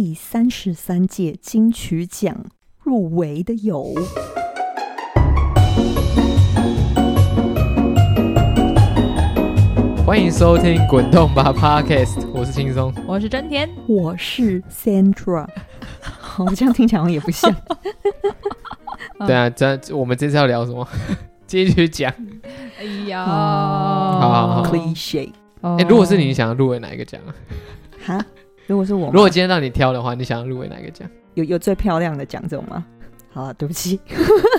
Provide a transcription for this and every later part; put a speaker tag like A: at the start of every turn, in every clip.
A: 第三十三屆金曲獎入圍的有，
B: 歡迎收聽滾動吧 Podcast，我是輕鬆，
A: 我是真田，我是 Centra，好像 聽起來好像也不像。 對啊，
B: 真，我們這次要聊什麼？金曲獎。
A: 哎呀，Cliche 好好好。哎、oh. 欸，如果是你，
B: 想要入圍哪一個獎？哈？
A: 如果是我，如果今天讓你挑的話，你想要入圍哪個獎？有有最漂亮的獎這種嗎？好啊，對不起，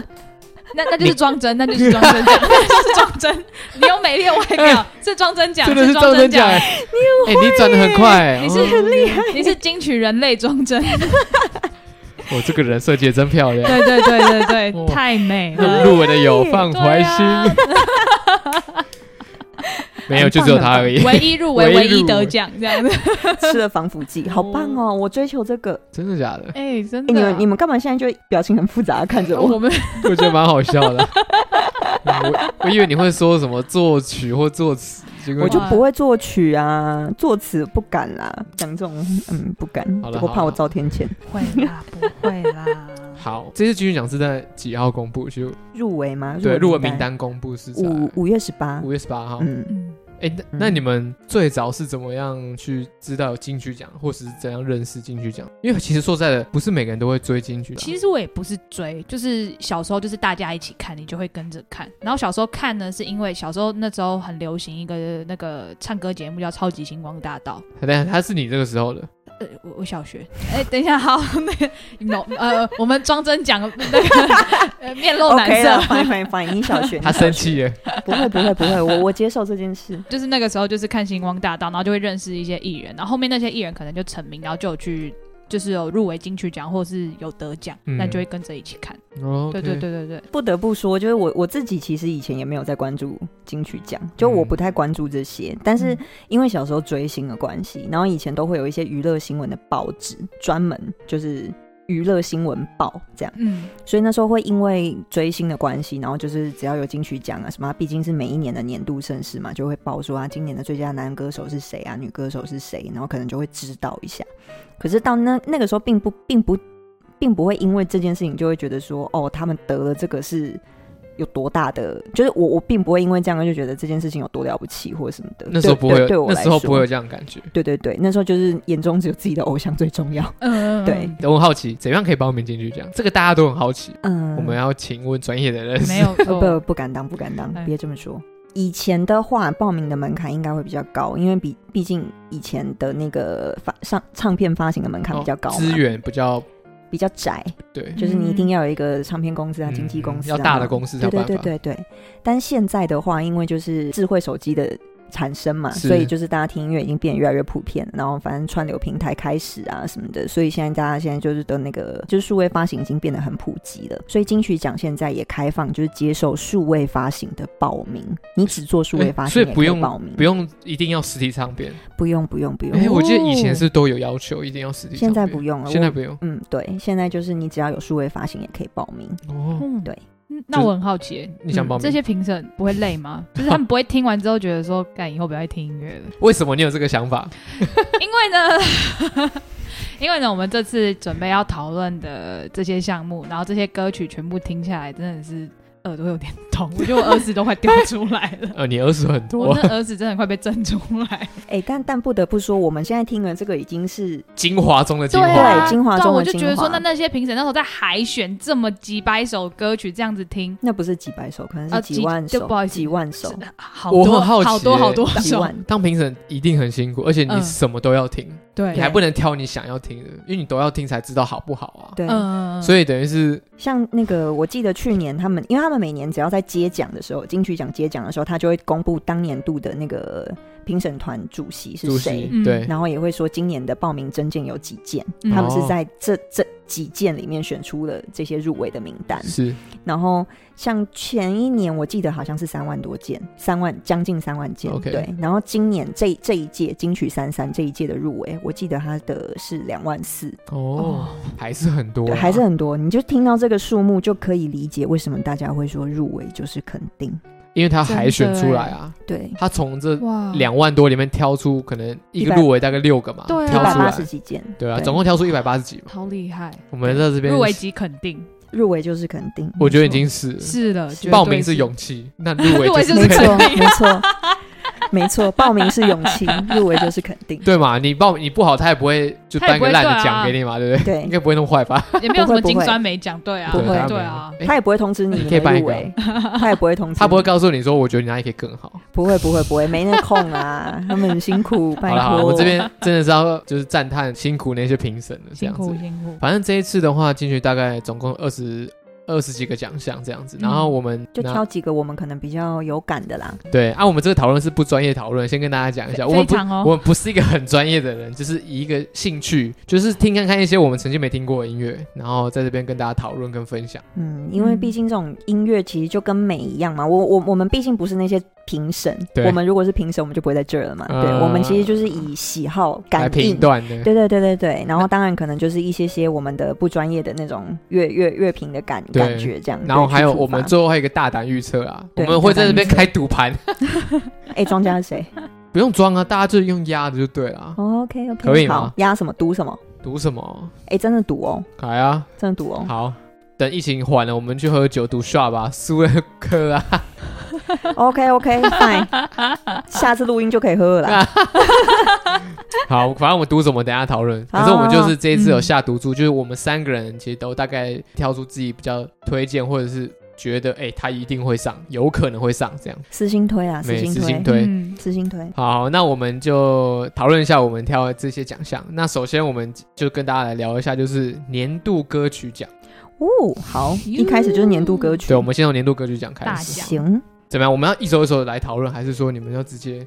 C: 那那就是裝幀，那就是裝幀獎，這是裝幀， 真。你有美麗的外表， 是裝幀獎， 是真的 是裝幀獎、 欸。
B: 你哎，你轉的很快，你是厲
C: 害你，你是金曲人類裝幀。
B: 我 這個人設計的真漂亮， 對
C: 對對對對，太
A: 美了。 入圍的有放
B: 懷心。 沒有，I'm、就只有他而已。嗯、唯一入圍，唯一得
A: 獎，這樣子 吃了防腐劑，好棒哦！Oh. 我追求這個，真的假的？哎、欸，真的、啊欸。你們你們幹嘛現在就表情很複雜看着我？我 們
B: 我覺得蠻好笑的、 嗯我。我以為你會說什麼作曲或作詞，我就不會
A: 作曲啊，作詞不敢啦、啊，講這種嗯不敢，我怕我遭天譴。好好 會
B: 啦，不會啦。 好，這次金曲獎是在幾號公布？就
A: 入圍嗎？對，入圍名，名單
B: 公布是在
A: 五五月十八，五月十八號。嗯，哎、嗯欸，
B: 那、嗯、那你們最早是怎麼樣去知道有金曲獎，或是怎樣認識金曲獎？因為其實說實在的，不是每個人都會追金曲獎。其
C: 實我也不是追，就是小時候就是大家一起看，你就會跟着看。然後小時候看呢，是因為小時候那時候很流行一個那個唱歌節目叫《超級星光大道》，對，他
B: 是你這個時候的。
C: 呃，我我小學，哎、欸，等一下，好，那 no,、呃 那個，呃，我們裝真講，那個面露難色，OK 了，反反反應
A: 小學，他生氣了，不會不會不會，不會，我我接受這件事，
C: 就是那個時候就是看星光大道，然後就會認識一些藝人，然後後面那些藝人可能就成名，然後就去。就是有入圍金曲獎，或是有得獎、嗯，那就會跟着一起看。對、okay. 對對對
A: 對，不得不說，就是我我自己其實以前也沒有在關注金曲獎，就我不太關注這些、嗯。但是因為小時候追星的關係，然後以前都會有一些娛樂新聞的報紙，專門就是，娛樂新聞報這樣，嗯，所以那時候會因為追星的關係，然後就是只要有金曲獎啊什麼，畢竟是每一年的年度盛事嘛，就會報說啊，今年的最佳男歌手是誰啊，女歌手是誰，然後可能就會知道一下。可是到那那個時候，並不，並不，並不會因為這件事情就會覺得說，哦，他們得了這個是。有多大的？就是我，我並不會因為這樣就覺得這件事情有多了不起或者什麼的。那時候不會有，對我來說不會有這樣的感覺。對對對，那時候就是眼中只有自己的偶像最重要。嗯，對。
B: 我很好奇，怎樣可以報名進去？這樣，這個大家都很好奇。嗯，我們要請問專業的人士。
A: 沒有， 哦、不不敢當，不敢當，別、欸、這麼說。以前的話，報名的門檻應該會比較高，因為比畢竟以前的那個發上唱片發行的門檻比較高，資、哦、源比較。比較窄，對，就是你一定要有一個唱片公司啊、嗯、經紀公司、啊嗯，要大的公司才辦，對對對對，但現在的話，因為就是智慧手機的產生嘛，所以就是大家聽音樂已經變得越來越普遍，然後反正串流平台開始啊什麼的，所以現在大家現在就是的那個，就是數位發行已經變得很普及了。所以金曲獎現在也開放，就是接受數位發行的報名，你只做數位發行報名，欸，所以不用報
B: 名，不用一定要實體唱片，不用不用不用。哎、欸，我記得以前是都有要求，一定要實體唱片。現在不用了，現在不用。嗯，
A: 對，現在就是你只要有數位發行也可以報名。哦，對。
C: 那我很好奇，你想幫、嗯、這些評審不會累嗎？ 就是他們不會聽完之後覺得說，幹 以後不要再聽音樂了。為
B: 什麼你有這個想法？
C: 因為呢， 因為呢，我們這次準備要討論的這些項目，然後這些歌曲全部聽下來，真的是。
A: 耳朵有點痛，我覺得我耳屎都快掉出來
B: 了。 呃，你耳屎很多。啊，我的
A: 耳屎真的快被震出來。哎、 欸，但但不得不說，我們現在聽了這個已經是精華中的精華。啊，精華中的精華。對，我就覺得說，那
C: 那些評審那時候在海選這麼幾百首歌曲這樣
A: 子聽，那不是幾百首，可能是幾萬首，啊，就不好意思，幾萬首。是的，好多，我很好奇欸，好多好多好多幾萬，
B: 當評審一定很辛苦，而且你什麼都要聽，對。嗯，你還不能挑你想要聽的，因為你都要聽才知道好不好啊。對，嗯，所以等於是。
A: 像那個，我記得去年他們，因為他們每年只要在接獎的時候，金曲獎接獎的時候，他就會公布當年度的那個。評審團主席是誰？對、嗯，然後也會說今年的報名徵件有幾件，嗯、他們是在這這幾件裡面選出了這些入圍的名單。是，然後像前一年，我記得好像是三萬多件，三萬將近三萬件、okay。對，然後今年這這一屆金曲三三這一屆的入圍，我記得它的是兩萬四。哦，
B: 還是很多、啊，還是
A: 很多。你就聽到這個數目，就可以理解為什麼大家會說入圍就是肯定。因為他海選出來啊，欸、對，他從這兩
B: 萬多裡面挑出可能一個入圍大概六個嘛，對，挑出來，十幾件，對啊，對總共挑出一百八十幾嘛，
A: 好厲害。
B: 我們在這邊入圍
A: 即肯定，入圍就是肯定，我覺得已經是是了，報名是勇氣，那入圍就是肯定、啊 啊，沒錯。沒 沒錯，報名是勇氣， 入圍就是肯定。
B: 對嘛？你報你不好，他也不會就頒個爛的獎給你嘛，不對不、啊、對？對，應該不會那麼壞吧？ 也沒有什麼金酸
A: 梅獎，對啊 不，不會，對啊，、欸、會啊，他也不會通知你可以入圍，他也不會通知。
B: 他不會告訴你說，我覺得你哪裡可以更好。
A: 不會，不會，不會，沒那空啊， 他們很辛苦。拜託 好了，我這邊
B: 真的是要就是讚嘆 辛苦那些評審了，辛苦辛苦。反正這一次的話，進去大概總共二十。二十幾個獎項這樣子，嗯、然後我們就挑
A: 幾個我們可能比較有感的啦。對，
B: 啊，我們這個討論是不專業討論，先跟大家講一下，我們不、哦，我們不是一個很專業的人，就是以一個興趣，就是聽看看一些我們曾經沒聽過的音樂，然後在這邊跟大家討論跟分享。
A: 嗯，因為畢竟這種音樂其實就跟美一樣嘛，我我我們畢竟不是那些評審，對，我們如果是評審我們就不會在這兒了嘛、嗯。對，我們其實就是以喜好感來評斷的。對對對對對，然後當然可能就是一些些我們的不專業的那種樂樂樂評的感覺感覺這樣，然後還有我們最後
B: 還有一個大膽預測啊，我們會在那邊開賭盤。哎
A: 欸，莊家是誰？
B: 不用裝啊，大家就用壓的就對了。
A: Oh, OK, OK 可以嗎？壓什麼？賭什麼？
B: 賭什麼？哎、
A: 欸，真的賭哦！
B: 來啊，真的賭哦！好，等疫情緩了，我們去喝酒賭 shop 吧，輸了磕啊。
A: OK OK fine，下次錄音就可以喝了。
B: 好，反正我們賭什麼，等下討論。可是我們就是這一次有下賭注，嗯，就是我們三個人其實都大概挑出自己比較推薦，或者是覺得哎、欸，他一定會上，有可能會上這樣。私心推啊，私心推，
A: 私心推。嗯、
B: 好，好，那我們就討論一下，我們挑這些獎項。那首先我們就跟大家來聊一下，就是年度歌曲獎。
A: 哦，好，一開始就是年度歌曲。
B: 呃、對，我們先從年度歌曲獎開始。大怎麼樣？我們要一手一手的來討論，還是說你們要直接？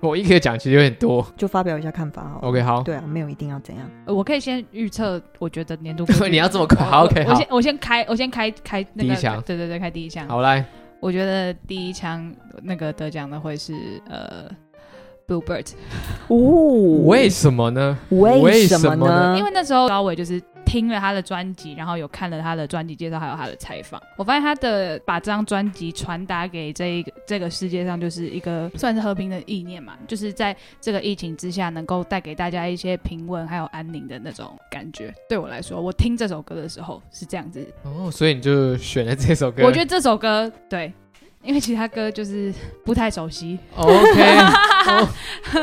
B: 我一可以講，其實有點多，
A: 就發表一下看法。OK，好。對啊，沒有一定要怎樣。我可以先
C: 預測，我覺得年度 你要這麼快？好，OK，好。我先我先開，我先開開那個第一槍。對對對，開第一槍。好來。我覺得第一槍那個得獎的會是呃，Bluebird。哦，
B: 為什麼呢？為什麼
A: 呢？
C: 因為那時候高偉就是。聽了他的專輯，然後有看了他的專輯介紹，還有他的採訪，我發現他的把這張專輯傳達給這一個這個世界上，就是一個算是和平的意念嘛，就是在這個疫情之下，能夠帶給大家一些平穩還有安寧的那種感覺。對我來說，我聽這首歌的時候是這樣子
B: 哦。所以你就選了這首歌。
C: 我覺得這首歌對，因為其他歌就是不太熟悉。 OK，oh。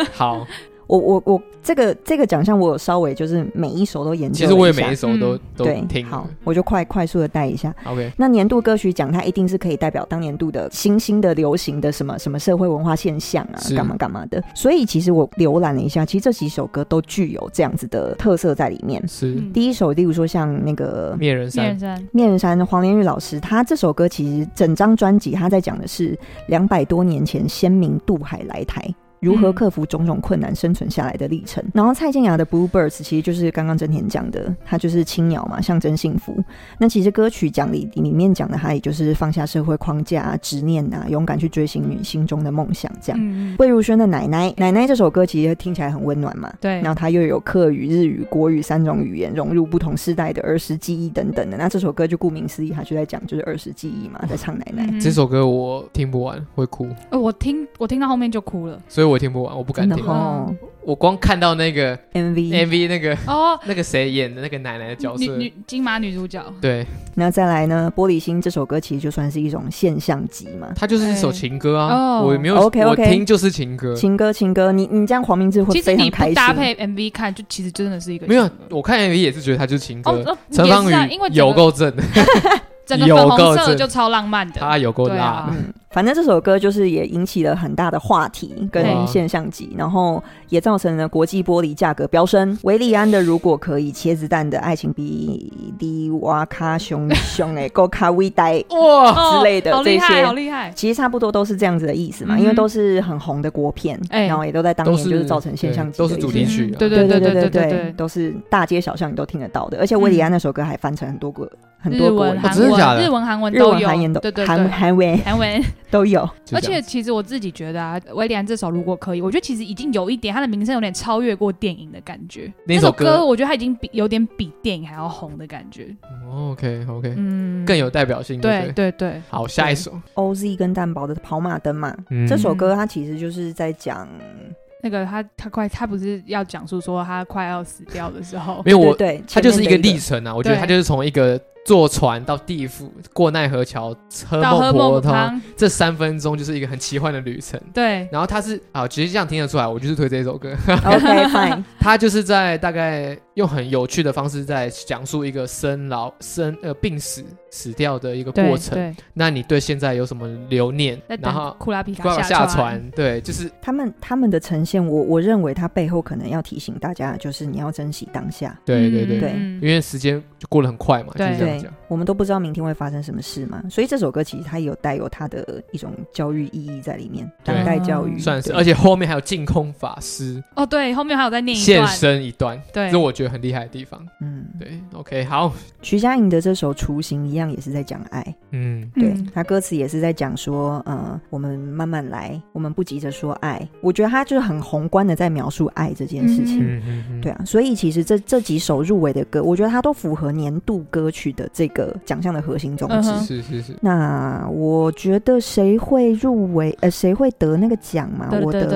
A: 好。我我我，這個這個獎項我有稍微就是每一首都研究。其實我也每一首都、嗯、都聽。好，我就快快速的帶一下。OK，那年度歌曲獎它一定是可以代表當年度的新興的流行的什麼什麼社會文化現象啊，幹嘛幹嘛的。所以其實我瀏覽了一下，其實這幾首歌都具有這樣子的特色在裡面。是。嗯、第一首，例如說像那個《滅人山》，滅人山，黃連煜老師他這首歌，其實整張專輯他在講的是兩百多年前先民渡海來台。如何克服種種困難生存下來的歷程、嗯？然後，蔡健雅的《Blue Birds》其實就是剛剛真田講的，它就是青鳥嘛，象徵幸福。那其實歌曲講裡裡面講的，它也就是放下社會框架、啊、執念啊，勇敢去追尋你心中的夢想。這樣。魏、嗯、如萱的奶奶《奶奶》《奶奶》這首歌其實聽起來很溫暖嘛。對。然後她又有客語、日語、國語三種語言融入不同世代的兒時記憶等等的。那這首歌就顧名思義，它就在講就是兒時記憶嘛，在唱奶奶、嗯。這首
B: 歌我聽不完會哭。
C: 哦、我聽我聽到後面就哭了。
B: 所以。我聽不完，我不敢聽。然後我光看到那個 MV，MV MV 那個哦，oh. 那個誰演的那個奶奶的角色，女，女金馬女主角。
A: 對，那再來呢？《玻璃心》這首歌其實就算是一種現象級嘛，它就是一首情歌啊。Oh. 我也沒有，okay, okay. 我聽就是情歌，情歌情歌。你你這樣黃明志會非常開心。其實你搭配
C: MV 看，就其實真的是一個沒有。
A: 我
B: 看 MV 也是覺得它就是情歌。陳、oh, oh, 芳語、啊、因為有夠正。
A: 整個粉紅色，的就超浪漫的，它有夠浪，啊嗯，反正這首歌就是也引起了很大的話題跟現象級，然後也造成了國際玻璃價格飆升。韋禮安的《如果可以，》 茄子蛋的愛情你比我想的閣較偉大之類的這些，哦好厲害，好厲害，其實差不多都是這樣子的意思嘛，嗯，因為都是很紅的國片，欸，然後也都在當年就是造成現象級，都是主題曲，啊，對對對對對對對，對,對， 都是大街小巷你都聽得到的，而且韋禮安那首歌還翻成很多個。嗯日文、韓文、日文、韓文、哦、文，文都有，都對對，韓文、韓文 都有。而且
C: 其實我自己覺得啊，威廉這首如果可以，我覺得其實已經有一點，他的名聲有點超越過電影的感覺。那首歌，那首歌、嗯、我覺得他已經比
A: 有點比電影還要紅的感覺。
B: 嗯、OK OK，嗯，更有代表性、嗯。對對對。好，下一首
A: OZ 跟蛋堡的《跑馬燈》嘛、嗯，這首歌他其實就是在講、嗯、
C: 那個他他快他不是要講述說他快要死掉的時候？ 沒有我對他就是一個歷程啊，我覺得他就是
B: 從一個。坐船到地府，過奈何橋，喝孟婆湯，這三分鐘就是一個很奇幻的旅程。對，然後他是啊，其實這樣聽得出來，我就是推這首歌。 OK，fine，okay。他就是在大概用很有趣的方式在講述一個生老生呃、病死死掉的一個過程。那你對現在有什麼留念？酷，然後，酷拉皮卡下船，對，就是
A: 他們他們的呈現，我我認為他背後可能要提醒大家，就是你要珍惜當下。對對對，嗯、對。
B: 因為時間。過得很快嘛，就是這樣講。
A: 對，我們都不知道明天會發生什麼事嘛，所以這首歌其實它有帶有它的一種教育意義在裡面，當代教育、嗯，算是，而且後面還有淨空法師
C: 哦，對，後面還有在念一段，現身一段，對，這我
B: 覺得很厲害的地方，
A: 嗯，對，OK，好，徐佳瑩的這首《雛形》一樣也是在講愛，嗯，對嗯他歌詞也是在講說，呃，我們慢慢來，我們不急着說愛，我覺得他就是很宏觀的在描述愛這件事情，嗯嗯，對啊，所以其實這這幾首入圍的歌，我覺得它都符合。年度歌曲的這個獎項的核心宗旨是是是。Uh -huh. 那我覺得誰會入圍？呃，誰會得那個獎嘛？我的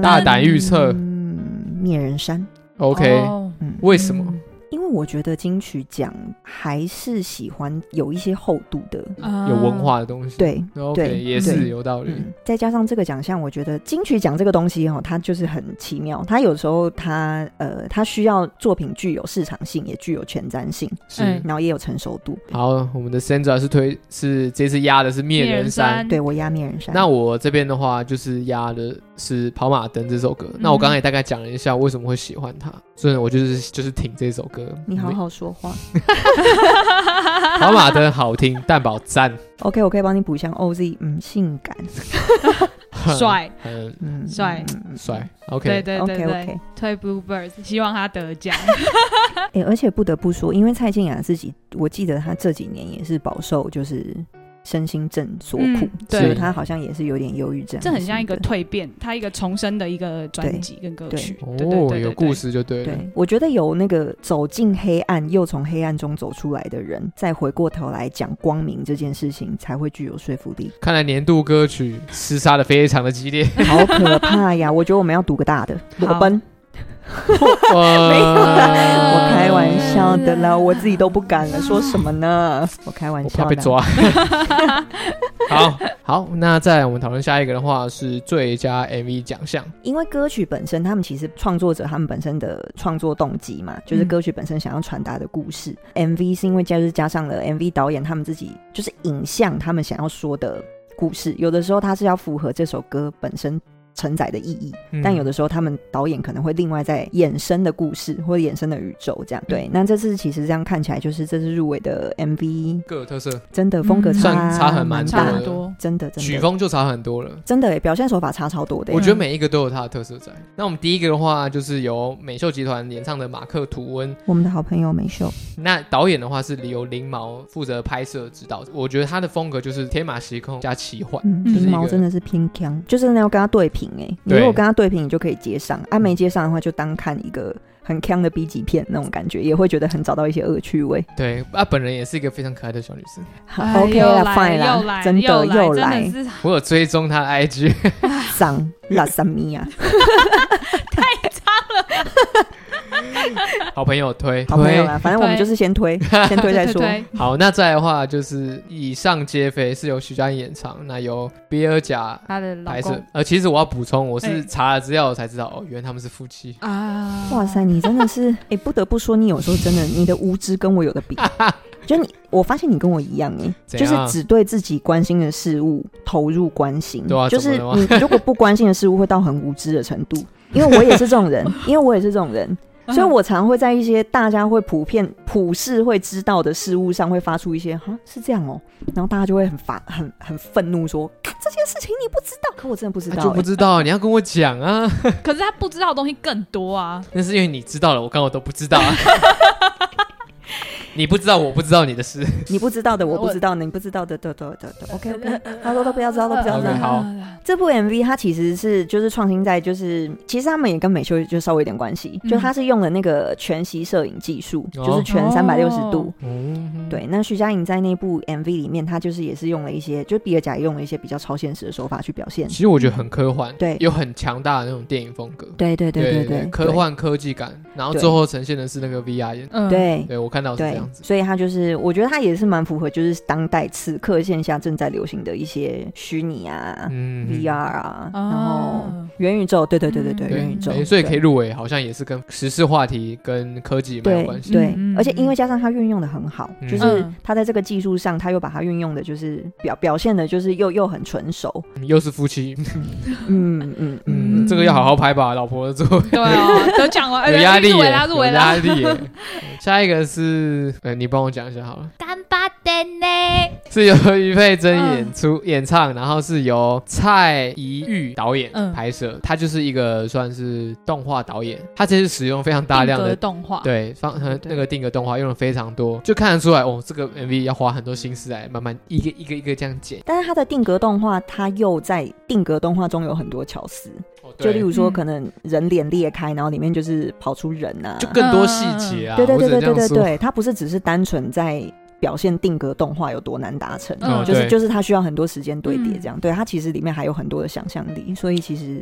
C: 大膽預
A: 測：滅人山。OK。Oh. 嗯嗯嗯，為什麼？我覺得金曲獎還是喜歡有一些厚度的，uh, 有文化的東西。對，oh, okay, 對，也是有道理。嗯，再加上這個獎項，我覺得金曲獎這個東西哈，它就是很奇妙。它有時候它呃，它需要作品具有市場性，也具有前瞻性，是，嗯，然後也有成熟度。
B: 好，我們的 Sandra 是推是這次壓的是《滅人山》，對，我壓《滅人山》人山。那我這邊的話就是壓的是《跑馬燈》這首歌。嗯，那我剛才也大概講了一下為什麼會喜歡它，所以，我就是就是挺這首歌。你好
A: 好說話， 跑馬燈
B: 好聽，蛋堡讚。
A: OK，我可以幫你補一下 OZ，嗯，性感，帥 帥，很 帥，呃，帥，嗯。OK，對對對對，okay, okay
B: 推 Bluebirds，
C: 希望他得獎
A: 欸。而且不得不說，因為蔡健雅自己，我記得他這幾年也是飽受就是。身心症所苦，嗯，所以他好像也是有點憂鬱症。這很像
C: 一個蛻變，他一個重生的一個專輯跟歌曲。對
A: 對對對對對哦，有故事
B: 就對了，了，
A: 我覺得有那個走進黑暗，又從黑暗中走出來的人，再回過頭來講光明這件事情，才會具有說服力。
B: 看來年度歌曲廝殺的非常的激烈，
A: 好可怕呀！我覺得我們要賭個大的，裸奔。 uh... 沒有啦，我開玩笑的啦，我自己都不敢了，說什麼呢？我開玩笑的。我怕被抓 好。好好，那再來我們討論下一個的話是最佳 MV 獎項，因為歌曲本身，他們其實創作者他們本身的創作動機嘛，就是歌曲本身想要傳達的故事。嗯。MV 是因為加加上了 MV 導演他們自己，就是影像他們想要說的故事，有的時候它是要符合這首歌本身。承載的意義，但有的時候他們導演可能會另外在衍生的故事或者衍生的宇宙這樣。對，那這次其實這樣看起來就是這次入圍的 MV 各有特色，真的、嗯、風格差差很蠻差很多，真的真的曲風
B: 就差很多了，真
A: 的哎、欸，表現手法差超多的、欸。我覺得每一個都
B: 有它的特色在。那我們第一個的話就是由美秀集團演唱的馬克·吐溫，
A: 我們的好朋友美秀。
B: 那導演的話是由林毛負責拍攝指導，我覺得他的風格就是天馬行空加奇幻、嗯就是。林毛真
A: 的是偏強，就是那要跟他對拼。你如果跟他對屏，你就可以接上；啊，沒接上的話，就當看一個很鏘的 B 級片那種感覺，也會覺得很找到一些惡趣味。
B: 對啊，本人也是一個非常可愛的小女生、哎。OK fine，又來，真的又來，又來的，我有追蹤他 IG，
A: 上了什麼呀？ 太髒長了。
B: 好朋友推，好朋友啦，反正我
A: 們就是先推，先推再說。對對對，好，那
B: 再的話就是《以上皆非》是由徐佳瑩演唱，那由比爾賈他的老公。呃，其實我要補充，我是查了資料我才知道、欸，哦，原來他們是夫妻
A: 啊！哇塞，你真的是，哎、 欸，不得不說，你有時候真的，你的無知跟我有的比。 就你，我發現你跟我一樣、欸，哎，就是只對自己關心的事物投入關心，對啊、就是你，你如果不關心的事物， 會到很無知的程度。因為我也是這種人， 因為我也是這種人。 所以，我常會在一些大家會普遍、普世會知道的事物上，會發出一些“哈，是這樣哦”，然後大家就會很發、很、很憤怒說，說：“幹，這件事情你不知道，
C: 可我真的不知道、欸。啊”就不知
A: 道、啊，你要跟我講啊！
C: 可是他不知道的東西更多啊！
A: 那是因為你
B: 知道了，我剛我都不知道。啊。 你不知道，我不知道你的事。 你不知
A: 道的，我不知道的。你不知道的，都都都都。 OK OK，他說都不要知道，都不要知道。Okay, 好。這部 MV 它其實是就是創新在就是，其實他們也跟美秀就稍微有點關係，嗯、就他是用了那個全息攝影技術，哦、就是全三百六十度。哦、對,、哦對嗯嗯，那徐佳瑩在那部 MV 裡面，她就是也是用了一些，就比爾賈用了一些比較超現實的手法去表現。其實我覺
B: 得很科幻，對，有很強大的那種電影風格。對對對對對、對、對、對、對，科幻科技感，然後最後呈現的是那個 VR 眼鏡。嗯。對，對我看到我是。對
A: 所以他就是，我覺得他也是蠻符合，就是當代此刻線下正在流行的一些虛擬啊、嗯、VR 啊，然後元宇、嗯、宇宙，對對對對對，元、嗯、宇宙、欸，所以可以
B: 入圍，好像也是跟時事話題跟科技沒有關係。對，對嗯嗯嗯，
A: 而且因為加上他運用的很好、嗯，就是他在這個技術上，他又把它運用的，就是表表現的，就是又又很純熟、
B: 嗯。又是夫妻， 嗯
A: 嗯嗯，
B: 嗯，這個要好好拍吧， 老婆做。
C: 對啊、哦，
B: 有壓力耶 有壓力耶，下一個是。呃，你幫我講一下好了。干
C: 巴爹呢？
B: 是由余佩真演出、嗯、演唱，然後是由蔡怡玉導演拍攝、嗯。他就是一個算是動畫導演，嗯、他其實使用非常大量的定格動畫，對，放那個定格動畫用了非常多，就看得出來哦，這個 MV 要花很多心思來慢慢一個一個一個這樣剪。
A: 但是他的定格動畫，他又在定格動畫中有很多巧思。就例如說，可能人臉裂開，然後裡面就是跑出人吶、啊嗯，就更多細節啊，啊。對對對對對對對，它不是只是單純在表現定格動畫有多難達成，啊就是，就是就是它需要很多時間堆疊這樣。嗯、對，它其實裡面還有很多的想象力，所以其實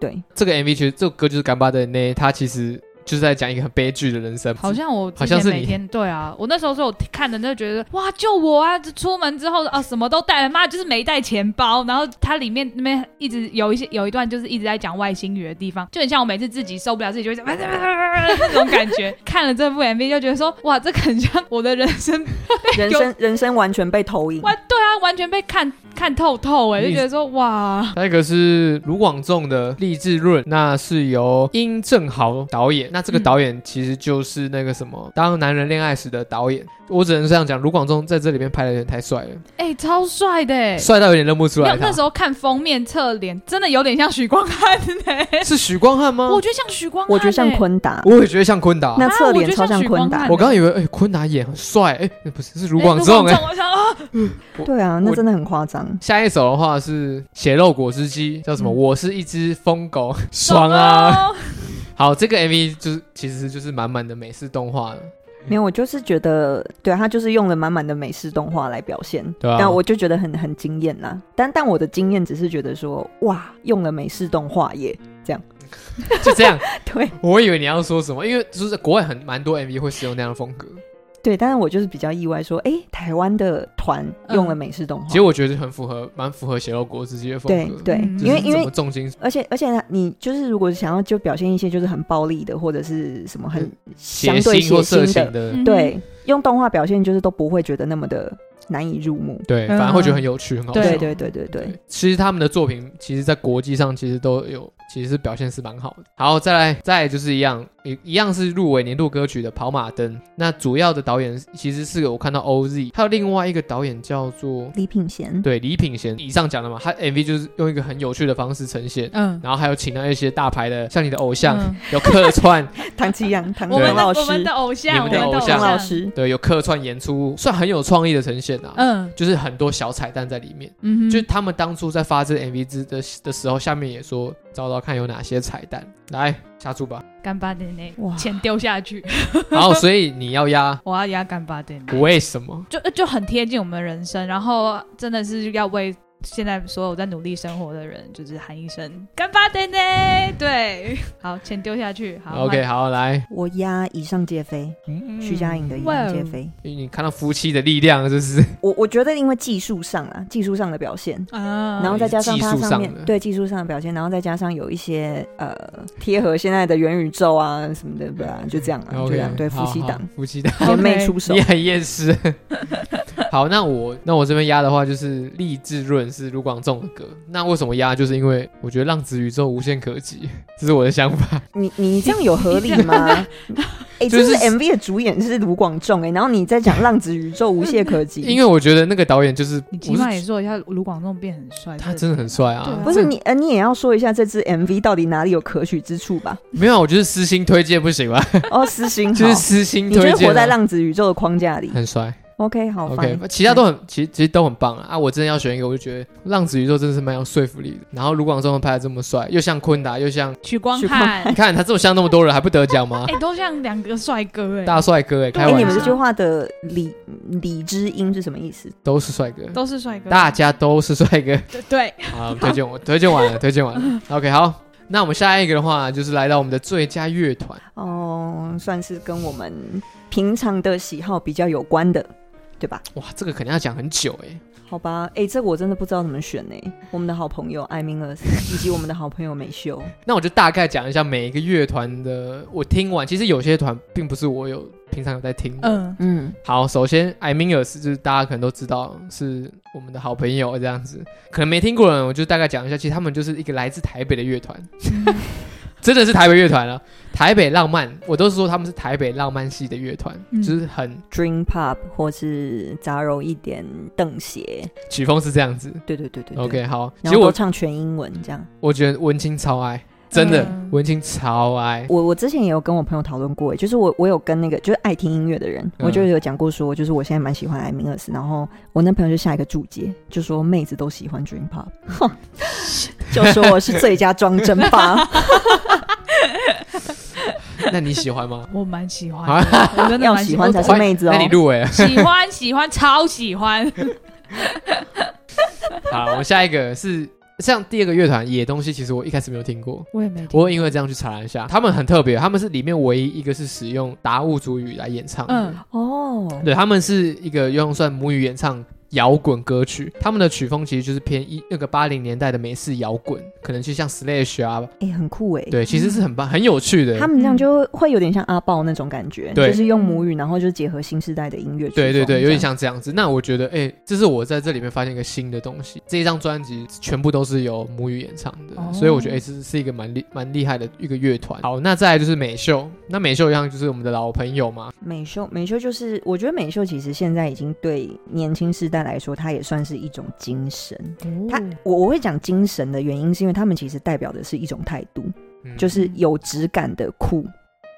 A: 對
B: 這個 MV 其實這首、個、歌就是乾巴的呢，它其實。就是在講一個很悲劇的人生，好像我好像是每天，
A: 對啊，我那時候說我看的那個覺得哇
C: 就我啊！出門之後啊什麼都帶了，媽就是沒帶錢包。然後它裡面那邊一直有一些有一段就是一直在講外星語的地方，就很像我每次自己受不了自己就會、啊啊啊啊啊、這種感覺。 看了這部 MV 就覺得說哇，這個、很像我的人生，人
B: 生
A: 人生完全被投影
C: 完，對啊，完全被看。看透透哎、欸，就覺得說哇，
A: 那
B: 個是盧廣仲的勵志論，那是由殷正豪導演。那這個導演其實就是那個什麼，當男人戀愛時的導演。我只能這樣講，盧廣仲在這裡面拍的有點太帥了，哎、
C: 欸，超帥的、欸，帥
B: 到有點認不出來。那時候
C: 看封面側臉，真的有點像許光漢呢、欸。是許光漢嗎？我覺得像許光漢、欸，我覺得像坤達，
B: 我也覺得像坤達、啊。那側臉超像坤達，我剛以為哎坤達也很帥，哎、欸，不是是盧廣仲哎、欸
A: 欸，我想啊我，對啊，那真的很誇張。
B: 下一首的話是血肉果汁機叫什麼？嗯、我是一隻瘋狗，爽啊！ 好，這個 MV 就是其實就是滿滿的美式動畫了、嗯。
A: 沒有，我就是覺得，對、啊、他就是用了滿滿的美式動畫來表現。對啊，但我就覺得很很驚豔吶。但但我的驚豔只是覺得說，哇，用了美式動畫耶，這樣
B: 就這樣。 對，我以為你要說什麼，因為就是國外很蠻多 MV 會使用那樣的風格。
A: 對，但是我就是比較意外，說，哎、欸，台灣的團用了美式動畫、嗯，其
B: 實我覺得很符合，蠻符合邪到國自己的風格。對對、就是，因為因為重心，
A: 而且而且你就是如果想要就表現一些就是很暴力的或者是什麼很相對邪或色情的，對，嗯、用動畫表現就是都不會覺得那麼的難以入目，對，反而會覺得很有趣，嗯、很好笑。對對對對對，對，對，
B: 其實他們的作品其實在國際上其實都有。其實是表現是蠻好的。好，再來，再來就是一樣，一一樣是入圍年度歌曲的《跑馬燈》。那主要的導演其實是我看到 OZ，還有另外一個導演叫做李品賢。對，李品賢。以上講的嘛，他 MV 就是用一個很有趣的方式呈現。嗯。然後還有請了一些大牌的，像你的偶像、嗯、有客串，
A: 唐綺陽、唐 老我，我們的偶像，你們的偶像。我們的偶像我們老師
B: 對，有客串演出，算很有創意的呈現吶、啊。嗯。就是很多小彩蛋在裡面。嗯哼。就是、他們當初在發這 MV 之的的時候，下面也說。找找看有哪些彩蛋，來下注吧！
C: 干巴爹呢？錢丟下去。
B: 然後， 所以你要押，
C: 我要押干巴爹。
B: 為什麼？捏捏
C: 就就很貼近我們人生，然後真的是要為。現在所有在努力生活的人，就是喊一聲乾巴奶奶！對， 好，錢丟下去，好，OK，
A: 好，來，我壓以上皆非、嗯，徐佳瑩的以上皆非、嗯，欸。你看到夫妻的力量是不是？我我覺得因為技術上啊，技術上的表現啊，然後再加上他上面技上對技術上的表現，然後再加上有一些呃貼合現在的元宇宙啊什麼的吧、啊，就這樣、啊，okay, 就這樣，對，夫妻檔，夫妻檔，姐妹出手 okay, 你很
B: 厭世。 好，那我那我這邊壓的話就是勵志潤。是盧廣仲的歌，那為什麼押？就是因為我覺得浪子宇宙無限可及，這是我的想法。
A: 你你這樣有合理嗎？ 欸、就是、是 MV 的主演是盧廣仲哎、欸，然後你在講浪子宇宙無限可及，因為我
B: 覺得那個導演就是，是。你起碼也
C: 說一下，盧廣仲變很帥。
B: 他真的很帥啊，啊，啊！不是你，
A: 呃，你也要說一下這支 MV 到底哪裡有可取之處吧？
B: 沒有，我就是私心推薦，不行嗎？
A: 哦、 oh,，私心就是私心推薦，你就是活在浪子宇宙的框架裡，很帥。OK，好。OK，fine,
B: 其他都很，欸、其實其實都很棒啊。啊，我真的要選一個，我就覺得《浪子宇宙》真的是蠻有說服力的。然後盧廣仲拍的這麼帥，又像坤達，又像許光漢。你看他這麼像那麼多人， 還不得獎嗎？哎、欸，
A: 都像兩個帥哥哎、欸，大帥
B: 哥哎、欸。對，開玩笑、欸、你們這句
A: 話的李“李理知音”是什麼意思？
B: 都是帥哥，都是帥哥，大家都是帥哥對。對，
A: 好，推薦我， 推
B: 薦完了，推薦完了。 OK，好，那我們下一個的話就是來到我們的最佳樂團
A: 哦，算是跟我們平常的喜好比較有關的。對吧？哇，
B: 這個肯定要講很久哎、欸。
A: 好吧，哎、欸，這個我真的不知道怎麼選哎、欸。我們的好朋友 I Mean Us 以及我們的好朋友美秀，
B: 那我就大概講一下每一個樂團的。我聽完，其實有些團並不是我有平常有在聽的。嗯嗯。好，首先 I Mean Us 就是大家可能都知道，是我們的好朋友這樣子，可能沒聽過人，我就大概講一下。其實他們就是一個來自台北的樂團。 真的是台北樂團了，台北浪漫，
A: 我都是說他們是台北浪漫系的樂團，嗯，就是很 Dream Pop 或是雜糅一點鄧協，曲風是這樣子，對對對對，對，OK 好，然後我唱全英文這樣
B: 我，我覺得文青超愛。真的，okay. 文青超愛
A: 我。我之前也有跟我朋友討論過，哎，就是我，我有跟那個就是愛聽音樂的人，我就有講過，說就是我現在蠻喜歡埃米厄斯，然後我那朋友就下一個注解，就說妹子都喜歡 dream pop，就說我是最佳裝真吧。 那你喜
B: 歡嗎？我蠻喜歡我喜，要喜歡才是妹子哦。你入圍，喜
C: 歡喜歡超喜歡。
B: 好，我下一個是。像第二個樂團野東西，其實我一開始沒有聽過，我也沒有，我會因為這樣去查一下，他們很特別，他們是裡面唯一一個是使用達悟族語來演唱，
A: 嗯，哦，對，
B: 他們是一個用算母語演唱。搖滾歌曲，他們的曲風其實就是偏一那個八零年代的美式搖滾，可能就像 Slash 啊，哎、
A: 欸，很酷哎、欸，對，其實是很
B: 棒、嗯、很有趣的、欸。他們這樣
A: 就會有點像阿爆那種感覺對，就是用母語，然後就結合新時代的音樂。對對對，有點像
B: 這樣子。那我覺得，哎、欸，這是我在這裡面發現一個新的東西，
A: 這一張專輯
B: 全部都是由母語演唱的，哦、所以我覺得，哎、欸，這是一個蠻厲蠻厲害的一個樂團。好，那再來就是美秀，那美秀一樣就是我們的老朋友嘛。
A: 美秀，美秀就是我覺得美秀其實現在已經對年輕時代。來說，它也算是一種精神。他我我會講精神的原因，是因為他們其實代表的是一種態度，就是有質感的酷。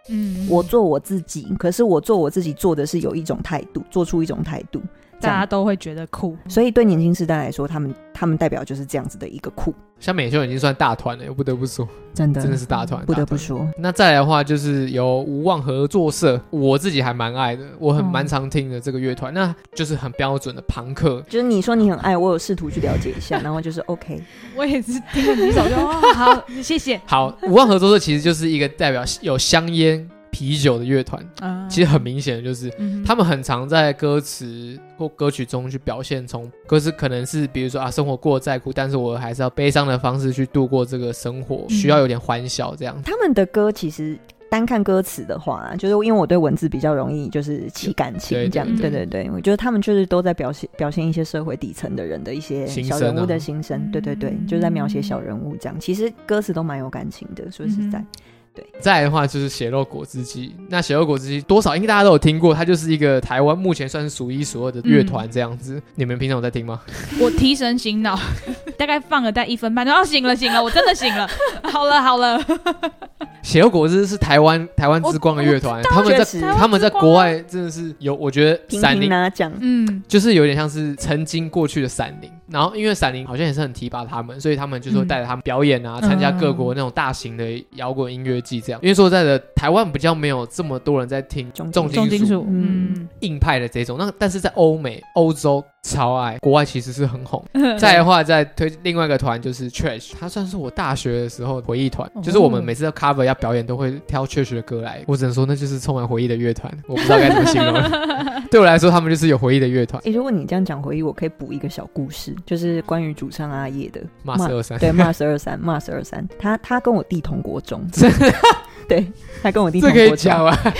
A: 嗯。我做我自己，可是我做我自己做的是有一種態度，做出一種態度。大家都會覺得酷，所以對年輕世代來說，他們他們代表就是這樣子的一個酷。像美
B: 秀已經算大團了，不得不說，真的、嗯、真的是大團，不得不說。那再來的話就是有無妄合作社，我自己還蠻愛的，我很蠻常聽的這個樂團、哦，那就是很標準的龐克。就
A: 是你說你很愛，我有試圖去了解一下， 然後就是 OK。我也是
C: 聽了幾首， 好，謝謝。
B: 好，無妄合作社其實就是一個代表有香煙。啤酒的樂團，uh, 其實很明顯的就是、嗯，他們很常在歌詞或歌曲中去表現，從歌詞可能是比如說啊，生活過得再苦，但是我還是要悲傷的方式去度過這個生活，嗯、需要有點歡笑這樣。
A: 他們的歌其實單看歌詞的話、啊，就是因為我對文字比較容易就是起感情這樣。對對對，對，我覺得他們就是都在表現表現一些社會底層的人的一些小人物的心聲、啊，對對對，就在描寫小人物這樣。嗯嗯、其實歌詞都蠻有感情的，說實在。嗯
B: 對。再來的話就是血肉果汁機，那血肉果汁機多少，應該大家都有聽過，它就是一個台灣目前算是數一數二的樂團這樣子、嗯。你們平常有在聽嗎？
C: 我提神醒腦， 大概放了大概一分半鐘， 哦醒了醒了，我真的醒了，好 了好了。好了
B: 血肉果汁是台灣台灣之光的樂團，他們在、啊、他們在國外真的是有，我覺得閃靈拿獎，嗯，就是有點像是曾經過去的閃靈。然後，因為閃靈好像也是很提拔他們，所以他們就說帶着他們表演啊，嗯、參加各國那種大型的搖滾音樂祭這樣。因為說實在的，台灣比較沒有這麼多人在聽重金屬，重金屬重金屬嗯，硬派的這種。那但是在歐美、歐洲。超愛國外其實是很紅。 再的話，再推另外一個團就是 Trash，他算是我大學的時候回憶團，哦、就是我們每次要 cover 要表演都會挑 Trash 的歌來。我只能說那就是充滿回憶的樂團，我不知道該怎麼形容了。 對我來說，他們就是有回憶的樂團。哎、欸，
A: 如果你這樣講回憶，我可以補一個小故事，就是關於主唱阿夜的 Mars 二三，對 Mars 二三 Mars 二三，他他跟我弟同國中，對， 對他跟我弟同國中。反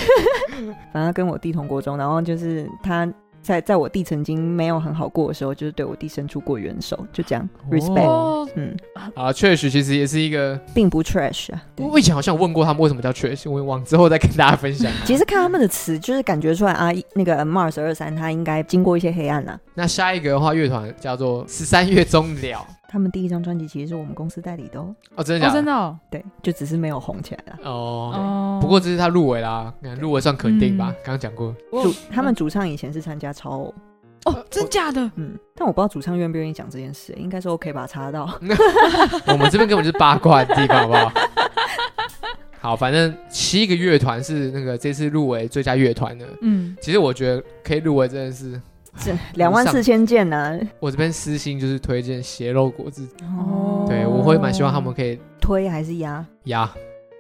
A: 正、啊、 跟我弟同國中，然後就是他。在在我弟曾經沒有很好過的時候，就是對我弟伸出過援手，就這樣、哦、respect。嗯，啊
B: ，trash 其實也是一個，
A: 並不 trash、啊。我以
B: 前好像問過他們為什麼叫 trash，我也忘了，之後再跟大家分享、啊。
A: 其實看他們的詞，就是感覺出來啊，那個 Mars 23他應該經過一些黑暗了、
B: 啊。那下一個的話，樂團叫做十三月中了。
A: 他們第一張專輯其實是我們公司代理的、喔、哦，真的假的？哦、真的、哦，對，就只是沒有紅起來了
B: 哦。Oh, oh. 不過這是他入圍啦，入圍算肯定吧？剛剛講過，哦、
A: 主、哦、他們主唱以前是參加超哦，哦，真假的？嗯，但我不知道主唱願不願意講這件事，應該說 OK 把它插到，
B: 我們這邊根本就是八卦的地方，好不好？ 好，反正七個樂團是那個這次入圍最佳樂團的，嗯，其實我覺得可以入圍真的是。這
A: 兩萬四千件呢、啊？
B: 我這邊私心就是推薦血肉果汁，哦，對，我會蠻希望他們可以
A: 推還是壓？壓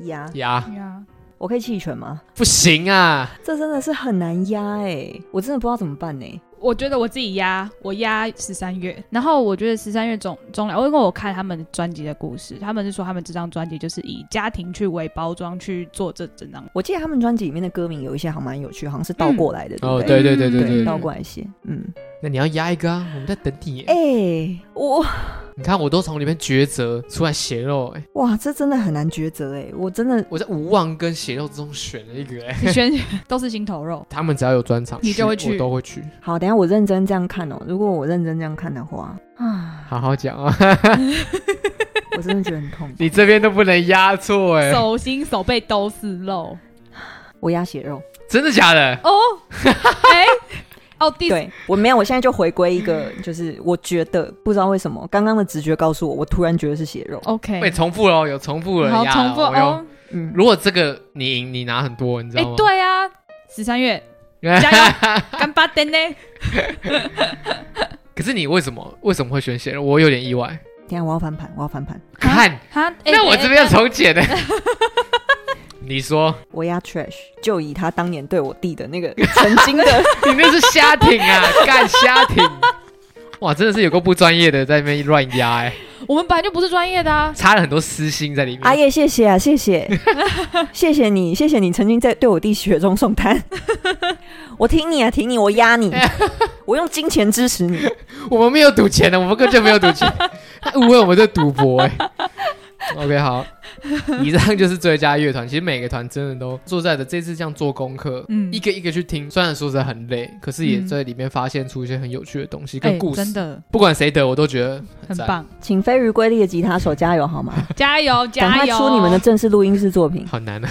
A: 壓壓壓，我可以棄權嗎？
B: 不行啊，
A: 這真的是很難壓哎、欸，我真的不知道怎麼辦哎、欸。我覺得我自
C: 己壓，我壓十三月。然後我覺得十三月中中因為我看他們專輯的故事，
A: 他們是說他們這張專輯就是以家庭去為包裝去做這整張。我記得他們專輯裡面的歌名有一些還蠻有趣，好像是倒過來的。嗯、對對哦，對對對對對,對,對,對,對,對，倒過來寫，嗯。那你要押一個、啊，我們在等你耶。哎、欸，我，
B: 你看，我都從裡面抉擇出來血肉、欸。哎，
A: 哇，這真的很難抉擇。哎，我真的，我在無望跟血肉之中選了一
B: 個、欸。你選
A: 都是心頭肉。他們只要有專
B: 場，你就會去，我都會去。
A: 好，等一下我認真這樣看哦、喔。如果我認真這樣看的話，
B: 啊，好好講哦、喔。 我
A: 真的覺得很痛。你這邊都不能押錯哎，手
C: 心手背都是肉。
A: 我押血肉，真的假的？
C: 哦，哎、欸。 哦、oh，對，
A: 我沒有，我現在就回歸一個，就是我覺得不知道為什麼，剛剛的直覺告訴我，我突然覺得是血肉。OK，被重
B: 複了，哦，有重複了，好，重複哦、嗯。如果這個你贏，你拿很多，你知道
C: 嗎？欸、對啊，十三月，
B: 加油，
C: 乾巴點天呢。
B: 可是你為什麼為什麼會選血肉？我有點意外。等
A: 下，我要翻盤，我要翻盤。看
C: 哈，那我這
A: 邊要重剪的。 你說我壓 trash，就以他當年對我弟的那個曾經的， 裡面是瞎挺啊，乾瞎挺
B: 哇，真的是有個不專業的在那邊亂壓哎。
A: 我們本來就不是專業的、啊，插
B: 了很多私心在裡面。
A: 阿、啊、葉，謝謝啊，謝謝， 謝謝你，謝謝你曾經在對我弟雪中送炭。 我挺你啊，挺你，我壓你， 我用金錢支持你。 我們沒有賭錢的、啊，我們根本就沒有賭錢，他誤 會我們在賭博哎、欸。
B: OK，好，以上就是最佳樂團。 其實每個團真的都坐在的，這次這樣做功課、嗯，一個一個去聽。雖然說是很累，可是也在裡面發現出一些很有趣的東西跟故事。欸、真的，不管誰得，我都覺得很，很
A: 棒。請飛魚歸利的吉他手加油好嗎？ 加油，加油！趕 快出你們的正式錄音室作品。好 很難啊！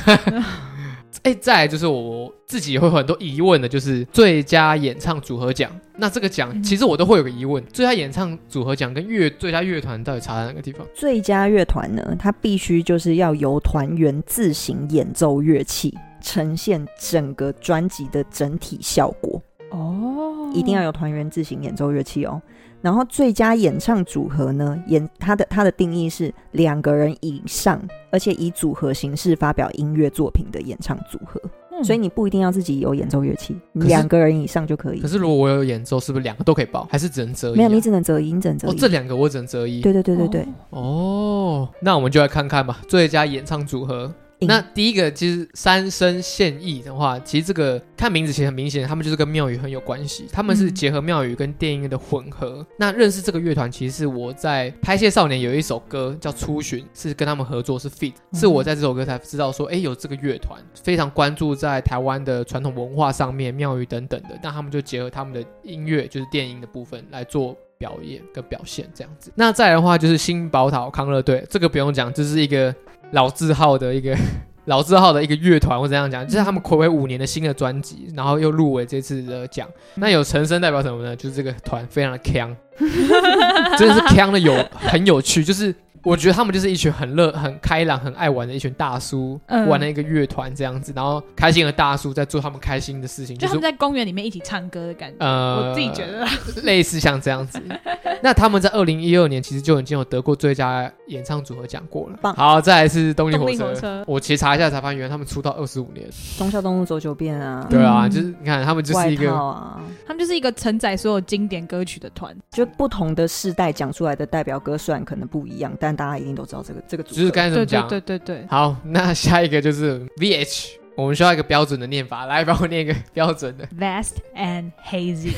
A: 哎、欸，再
B: 來就是我自己會有很多疑問的，就是最佳演唱組合獎。那這個獎其實我都會有個疑問：嗯、最佳演唱組合獎跟樂最佳樂團到底差在哪個地方？
A: 最佳樂團呢，它必須就是要由團員自行演奏樂器，呈現整個專輯的整體效果。哦，一定要有團員自行演奏樂器哦。然後最佳演唱組合呢，演他的他的定義是兩個人以上，而且以組合形式發表音樂作品的演唱組合。嗯，所以你不一定要自己有演奏樂器，你兩個人以上就可以。可
B: 是如果我有演奏，是不是兩個都可以報？還是只能擇一啊？沒有，你只
A: 能擇一，你只能擇一。哦，這兩
B: 個我只能擇一。對對對對對。哦，那我們就來看看吧，最佳演唱組合。那第一個其實三牲獻藝的話，其實這個看名字其實很明顯，他們就是跟廟宇很有關係，他們是結合廟宇跟電音的混合。那認識這個樂團，其實是我在拍謝少年有一首歌叫《出巡》，是跟他們合作，是 feat.，是我在這首歌才知道說，哎、欸，有這個樂團，非常關注在台灣的傳統文化上面，廟宇等等的。那他們就結合他們的音樂，就是電音的部分來做。表演跟表現這樣子，那再來的話就是新寶島康樂隊，這個不用講，這、就是一個老字號的一個 老字號的一個樂團，我這樣講，就是他們暌違五年的新的專輯，然後又入圍這次的獎。那有陳昇代表什麼呢？就是這個團非常的鏘，
A: 真的是鏘的有很
B: 有趣，就是。我覺得他們就是一群很樂、很開朗、很愛玩的一群大叔，嗯，玩了一個樂團這樣子，然後開心的大叔在做他們開心的事情，就是就在
C: 公園裡面一起唱歌的感覺。呃，我自己覺得類似像這樣子。
B: 那他們在二零一二年其實就已經有得過最佳。演唱組合講過了，好，再來是東動力火車。我其實查一下才發現，他們出道二十五年。忠
A: 孝東路走九遍啊。對啊，嗯、就是你看他們就是一個，啊、 他們就是一個承載所有經典歌曲的團。就不同的世代講出來的代表歌，雖然可能不一樣，但大家一定都知道這個這個組合。就是該怎麼講？對對，對對對。
B: 好，那下一個就是 V H，我們需要一個標準的念法，來幫我念一個標準的。
A: Vast and hazy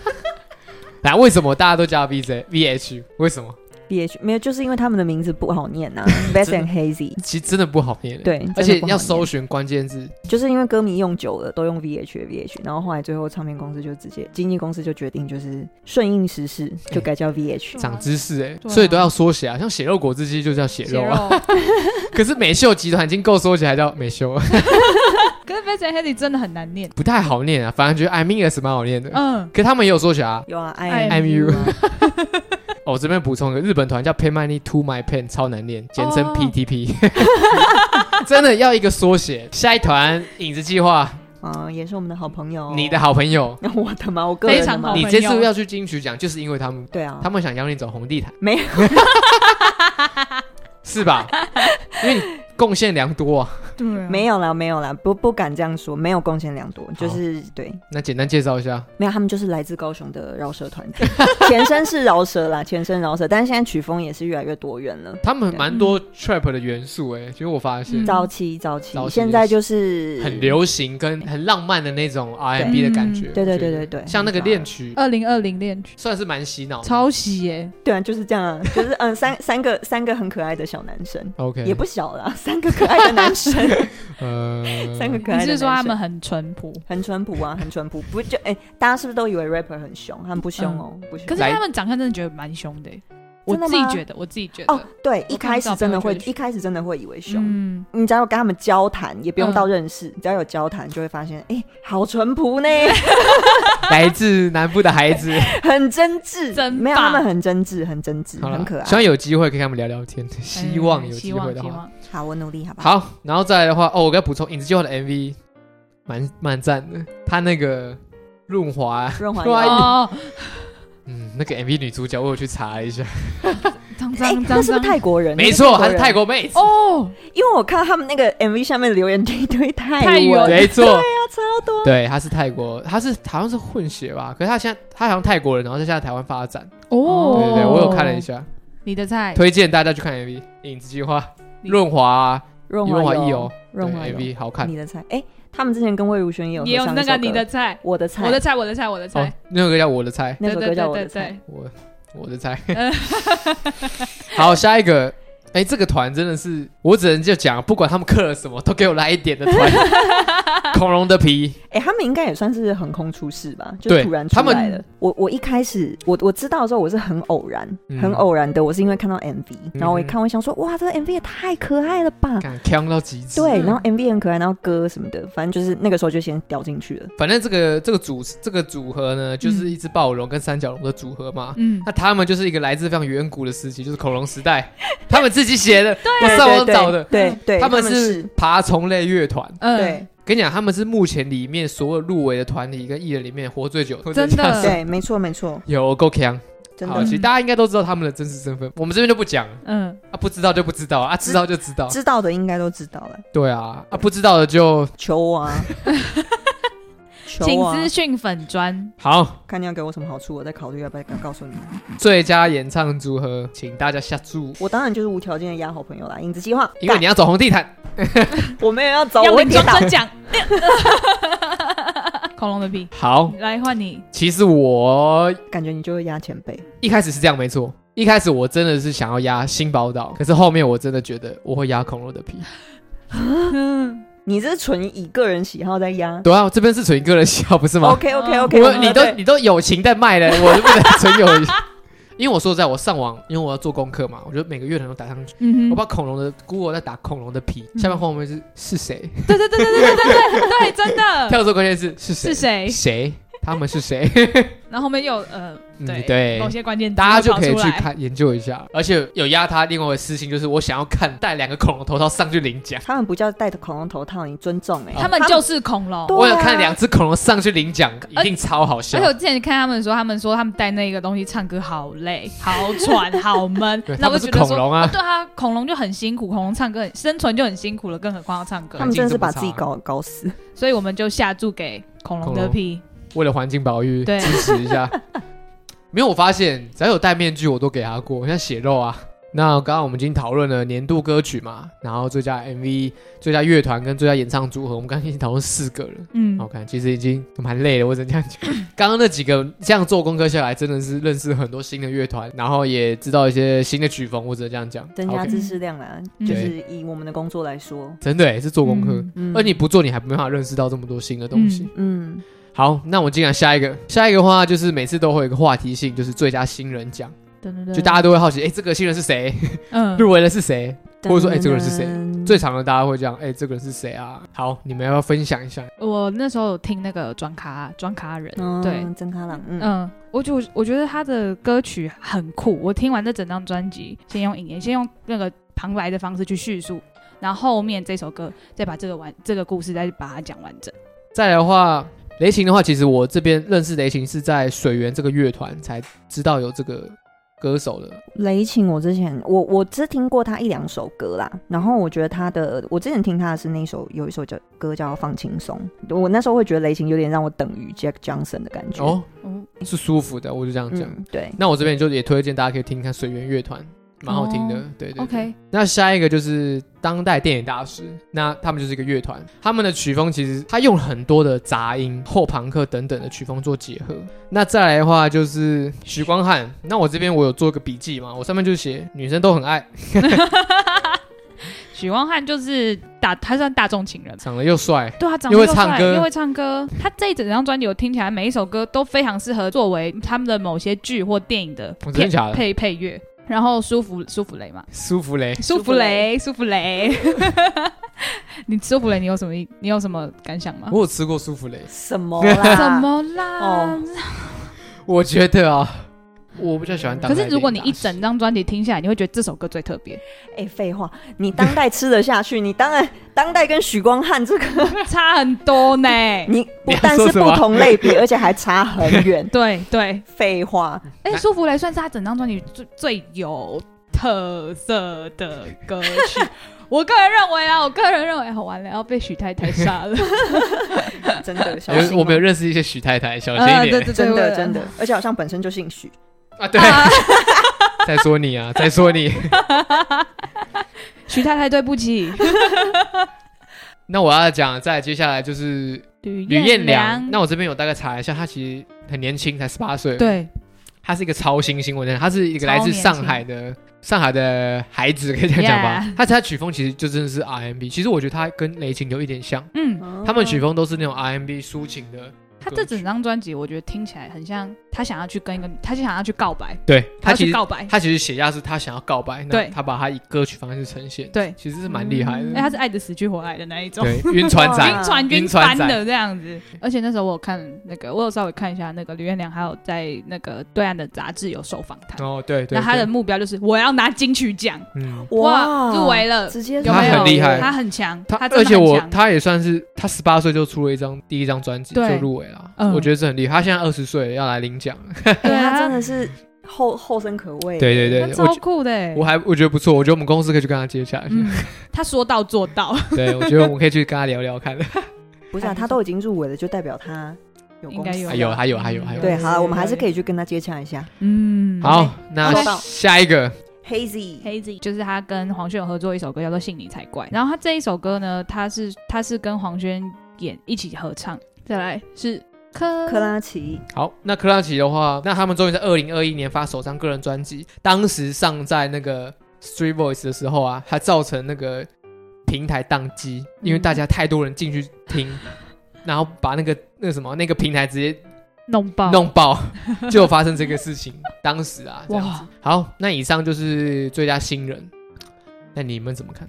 A: 。
B: 來，為什麼大家都叫 V Z V H？為什麼？
A: VH 沒有，就是因為他們的名字不好念啊。Vast and Hazy 其實
B: 真的不好念欸。對，而且你要搜尋關鍵字，
A: 就是因為歌迷用久了都用 VH，VH，VH，然後後來最後唱片公司就直接，經紀公司就決定就是順應時勢，就改叫 VH，欸啊、長知識哎、欸啊啊，所以
B: 都要縮寫啊，像血肉果汁機就叫血肉，啊。 可是美秀集團已經夠縮寫，還叫美秀。
C: 可是 Vast and Hazy 真的很難念，
B: 不太好念啊，反正覺得 I Mean Us 也蠻好念的，嗯，可是他們也有縮寫啊，
C: 有啊，I M U。I'm I'm
B: 我、哦、這邊補充一個日本團叫 Pay Money To My Pain 超難念，簡稱 PTP，、oh. 真的要一個縮寫。 下一團影子計劃，嗯、
A: uh,，也是我們的好朋友，你的好朋友，我的嗎？我個人非常。你這次要
B: 去金曲獎，就是因為他們，對啊，他們想邀你走紅地毯，沒有， 是吧？因為。貢獻良多啊！對
A: 啊，沒有啦，沒有啦，不，不敢這樣說，沒有貢獻良多，就是對。
B: 那簡單介紹一下，
A: 沒有，他們就是來自高雄的饒舌團體， 前身是饒舌啦，前身饒舌，但是現在曲風也是越來越多元了。他們蠻
B: 多 trap 的元素、欸，哎，其實我發現、嗯，早期，
A: 早期，現在就是
B: 很流行跟很浪漫的那種 R&B 的感覺。嗯、覺對，對對
A: 對對對，像那個戀曲，二零二零戀
B: 曲，算是蠻洗腦，超
A: 洗哎、欸，對啊，就是這樣啊，就是嗯，三三個， 三、個三個很可愛的小男生，OK，也不小啦。三個可
B: 愛的男生 三個可愛的，你是說他們
A: 很淳樸，很淳樸啊，很淳樸、啊、樸，不就哎、欸，大家是不是都以為 rapper 很兇，很不兇哦不兇？可是他們長相真的覺得蠻兇的、欸我的，我自己覺得，我自己覺得哦，對，一開始真的會，一開始真的會以為兇、嗯。你只要跟他們交談，也不用到認識，嗯、只要有交談，就會發現，哎、欸，好淳樸呢、欸，
B: 來自南部的孩子，
A: 很真摯，真沒有他們很真摯，很真摯，很可愛。希
B: 望有機會可以跟他們聊聊天，希望有機會的話。好，我努力，好不好？好，然後再來的話，哦，我給他補充《影子計劃》的 MV，蠻蠻讚的。他那個潤滑潤滑，潤滑 嗯，那個 MV 女主角，我有去查一下，張 張，
A: 他、欸、是，是泰國人，沒錯，他是，是泰國妹子哦。因為我看他們那個 MV 下面留言一堆泰國語，沒錯，對
B: 她、啊、對，他是泰國，他是好像是混血吧？可是他現在他好像泰國人，然後在現在台灣發展哦。對，對對，我有看了一下，你的菜，推薦大家去看 MV《影子計劃》。潤滑、啊，潤滑油，潤滑油，潤滑油 AV，好看。你的菜，
A: 哎、欸，他們之前跟魏如萱也有，也有那個你的菜，我的菜，我的菜，我的菜，我的菜。的菜 oh，那首歌叫
C: 我的菜，對對對對
B: 對對，那首歌叫我的菜，我，我的菜。 好，下一個。哎、欸，這個團真的是，我只能就講，不管他們嗑了什麼都給我來一點的團， 恐龍的皮。哎、
A: 欸，他們應該也算是橫空出世吧，就突然出來了。他們我我一開始我我知道的時候我是很偶然、嗯，很偶然的，我是因為看到 MV、嗯、然後我一看我想說，哇，這個 MV 也太可愛了吧
B: 鏘到極致。對，然後
A: MV 很可愛，然後歌什麼的，反正就是那個時候就先掉進去了。
B: 反正這個這個組這個組合呢，就是一隻暴龍跟三角龍的組合嘛。嗯。那他們就是一個來自非常遠古的時期，就是恐龍時代， 他們。自己寫的，對。我上網找的。對，對。對對，他們是爬蟲類樂團，嗯。嗯，跟你講，他們是目前裡面所有入圍的團體跟藝人裡面活最久的。真的，對，沒錯，沒錯，有夠強。
A: 好，其實大
B: 家應該都知道他們的真實身份，我們這邊就不講。嗯，啊，不知道就不知道啊，知，知道就知道，知
A: 道的應該都知道了。
B: 對啊，啊，不知道的就求我啊。
A: 請資訊粉專，好，看你要給我什麼好處，我再考慮要不要告訴你。
B: 最佳演唱組合，請大家下注。我
A: 當然就是無條件的壓好朋友啦，影子計劃。因為你要走紅地
B: 毯，
A: 我沒有要走要。要跟莊尊講。恐龍的皮。好，來換你。
B: 其實我感覺你
A: 就會壓前輩。
B: 一開始是這樣，沒錯。一開始我真的是想要壓新寶島，可是後面我真的覺得我會壓恐龍的皮。
A: 你這是純以個人喜好在押，
B: 對啊，這邊是純以個人喜好，不是嗎？OK OK OK，我，我，我你都你都友情在賣了， 我就不能純友情， 因為我說實在我上網，因為我要做功課嘛，我覺得每個樂團都打上去、嗯，我把恐龍的骷髏在打恐龍的皮，嗯、下面黃紅妹是是誰？嗯、 對對對對對對對
C: 對， 對，真的，
B: 跳數關鍵是是誰？是誰？誰？ 他們是誰？
C: 然後後面又呃，
B: 對、嗯、對，某些
A: 關鍵大家就可以去看
B: 研究一下。而且有押他另外一個私心，就是我想要看帶兩個恐龍頭套上去領獎。
A: 他們不叫戴恐龍頭套，你尊重沒、欸？他們就是
C: 恐龍、哦。我有看
B: 兩只恐龍上去領獎、啊，一定超好笑。而且我
C: 之前看他們說，他們說他們戴那個東西唱歌好累、好喘、好
A: 悶。好悶 那我覺得說
C: 他、啊哦，對啊，恐龍就很辛苦，恐龍唱歌生存就很辛苦了，更何況要唱歌，他們真的是把自己
A: 搞、啊、搞死。
C: 所以我們就下注給恐龍的屁。
B: 為了環境保育，支持一下。 沒有，我發現只要有戴面具，我都給他過，像血肉啊。那剛剛我們已經討論了年度歌曲嘛，然後最佳 MV、最佳樂團跟最佳演唱組合，我們剛剛已經討論四個了。嗯，okay，其實已經蠻累了。我只能這樣講、嗯，剛剛那幾個這樣做功課下來，真的是認識了很多新的樂團，然後也知道一些新的曲風。我只能這樣講，增加知識
A: 量啊、okay 嗯。就是以我們的工作來說，真
B: 的也是做功課嗯。嗯，而你不做，你還沒辦法認識到這麼多新的東西。嗯。嗯.好，那我們接下來下一個，下一個的話就是每次都會有一個話題性，就是最佳新人獎、嗯嗯，就大家都會好奇，哎、欸，這個新人是誰？ 嗯，入圍的是誰？或者說，哎、欸，這個人是誰、嗯？最常的大家會講，哎、欸，這個人是誰啊？好，你們要，要分享一下。
C: 我那時候有聽那個專卡專卡人、哦，對，真卡郎、嗯，嗯，我就我覺得他的歌曲很酷。我聽完這整張專輯，先用引言，先用那個旁白的方式去敘述，然後後面這首歌再把這個完這個故事再把它講完整。
B: 再來的話。雷琴的話，其實我這邊認識雷琴是在水源這個樂團才知道有這個歌手的。
A: 雷琴我之前我我只聽過他一兩首歌啦，然後我覺得他的，我之前聽他的是那首有一首叫歌叫《放輕鬆》，我那時候會覺得雷琴有點讓我等於 Jack Johnson 的感覺。
B: 哦、嗯，是舒服的，我就這樣講、嗯。對，那我這邊就也推薦大家可以聽聽看水源樂團。蠻好聽的，oh, 對,對對。OK。那下一個就是當代電影大師，那他們就是一個樂團，他們的曲風其實他用很多的雜音、後龐克等等的曲風做結合。嗯、那再來的話就是許光漢，那我這邊我有做一個筆記嘛，我上面就寫女生都很愛。
C: 許 光漢就是大他算大眾情人，
B: 長得又帥，對他、啊、長得又帥歌,又會,歌 又會
C: 唱歌，他這一整張專輯我聽起來每一首歌都非常適合作為他們的某些劇或電影的,的,的配配樂。配樂然後舒芙舒芙蕾嘛，
B: 舒芙蕾，舒芙
C: 蕾，舒芙蕾，舒芙蕾 你舒芙蕾，你有什麼你有什麼感想嗎？我有吃過舒芙蕾，什麼啦？ 什麼啦？Oh.
B: 我覺得啊。我比較喜歡當代，可是如果
A: 你一整張專輯聽下來，你會覺得這首歌最特別。哎、欸，廢話，你當代吃得下去？ 你當然當代跟許光漢這個差很多呢。 你不但是不同類別，而且還差很遠。 對對，廢話。
C: 哎、欸，舒芙蕾算是他整張專輯最最有特色的歌曲。 我個人認為啊，我個人認為好玩然要被許太太殺了。 真
A: 的， 小心我
B: 們我們認識一些許太太，小心一點。呃、 真的真的，
A: 而且好像本身就姓許。啊，對，
B: 在、啊、說你啊，在 說你，
C: 徐太太對不起。
B: 那我要講，再接下來就是呂彥良，良。那我這邊有大概查一下，他其實很年輕，才十八歲。對，他是一個超新星，我講，他是一個來自上海的上海的孩子，可以這樣講吧。他、yeah、他曲風其實就真的是 R&B。其實我覺得他跟雷勤有一點像，嗯，他們曲風都是那種 R&B 抒情的。嗯哦
C: 他這整張專輯，我覺得聽起來很像他想要去跟一個，他就想要去告白。對，
B: 他其實他去告白，他其實寫下是他想要告白。對，那他把他以歌曲方式呈現。對，嗯、其實是蠻厲害的。哎、嗯，欸、他是
C: 愛的死去活來的那一種。對，暈船暈 船，暈船的這樣子。而且那時候我看那個，我有稍微看一下那個呂月良，還有在那個對、哦《對岸》的雜誌有受訪他。
B: 哦，對。那他的目
C: 標就是我要拿金曲獎。
B: 嗯，哇，直
C: 接入圍了，了，他很厲害，他很強。他，而且我，
B: 他也算是他十八歲就出了一張第一張專輯，就入圍了。嗯、我覺得這很厲害，他現在二十歲要來領獎，對、
A: 啊、 他真的是後後生可畏。對對對，超酷的我，我
B: 還我覺得不錯，我覺得我們公司可以去跟他接洽一下、嗯。
A: 他說到做到， 對我覺得我們
B: 可以去跟他聊聊看。
A: 不是、啊，他都已經入圍了，就代表他有公司應該有還有還有還有，有。對，好我們還是可以去跟他接洽一下。嗯，好
B: ，okay, 那下一個
C: Hazy Hazy，就是他跟黃宣有合作一首歌，叫做《信你才怪》。然後他這一首歌呢，他是他是跟黃宣演一起合唱。再來是科克拉奇。
B: 好，那克拉奇的話，那他們終於在二零二一年發首張個人專輯。當時上在那個 Street Voice 的時候啊，還造成那個平台宕機，因為大家太多人進去聽、嗯，然後把那個那個什麼那個平台直接弄爆，弄爆 就發生這個事情。 當時啊這樣子。好，那以上就是最佳新人。那你們怎麼看？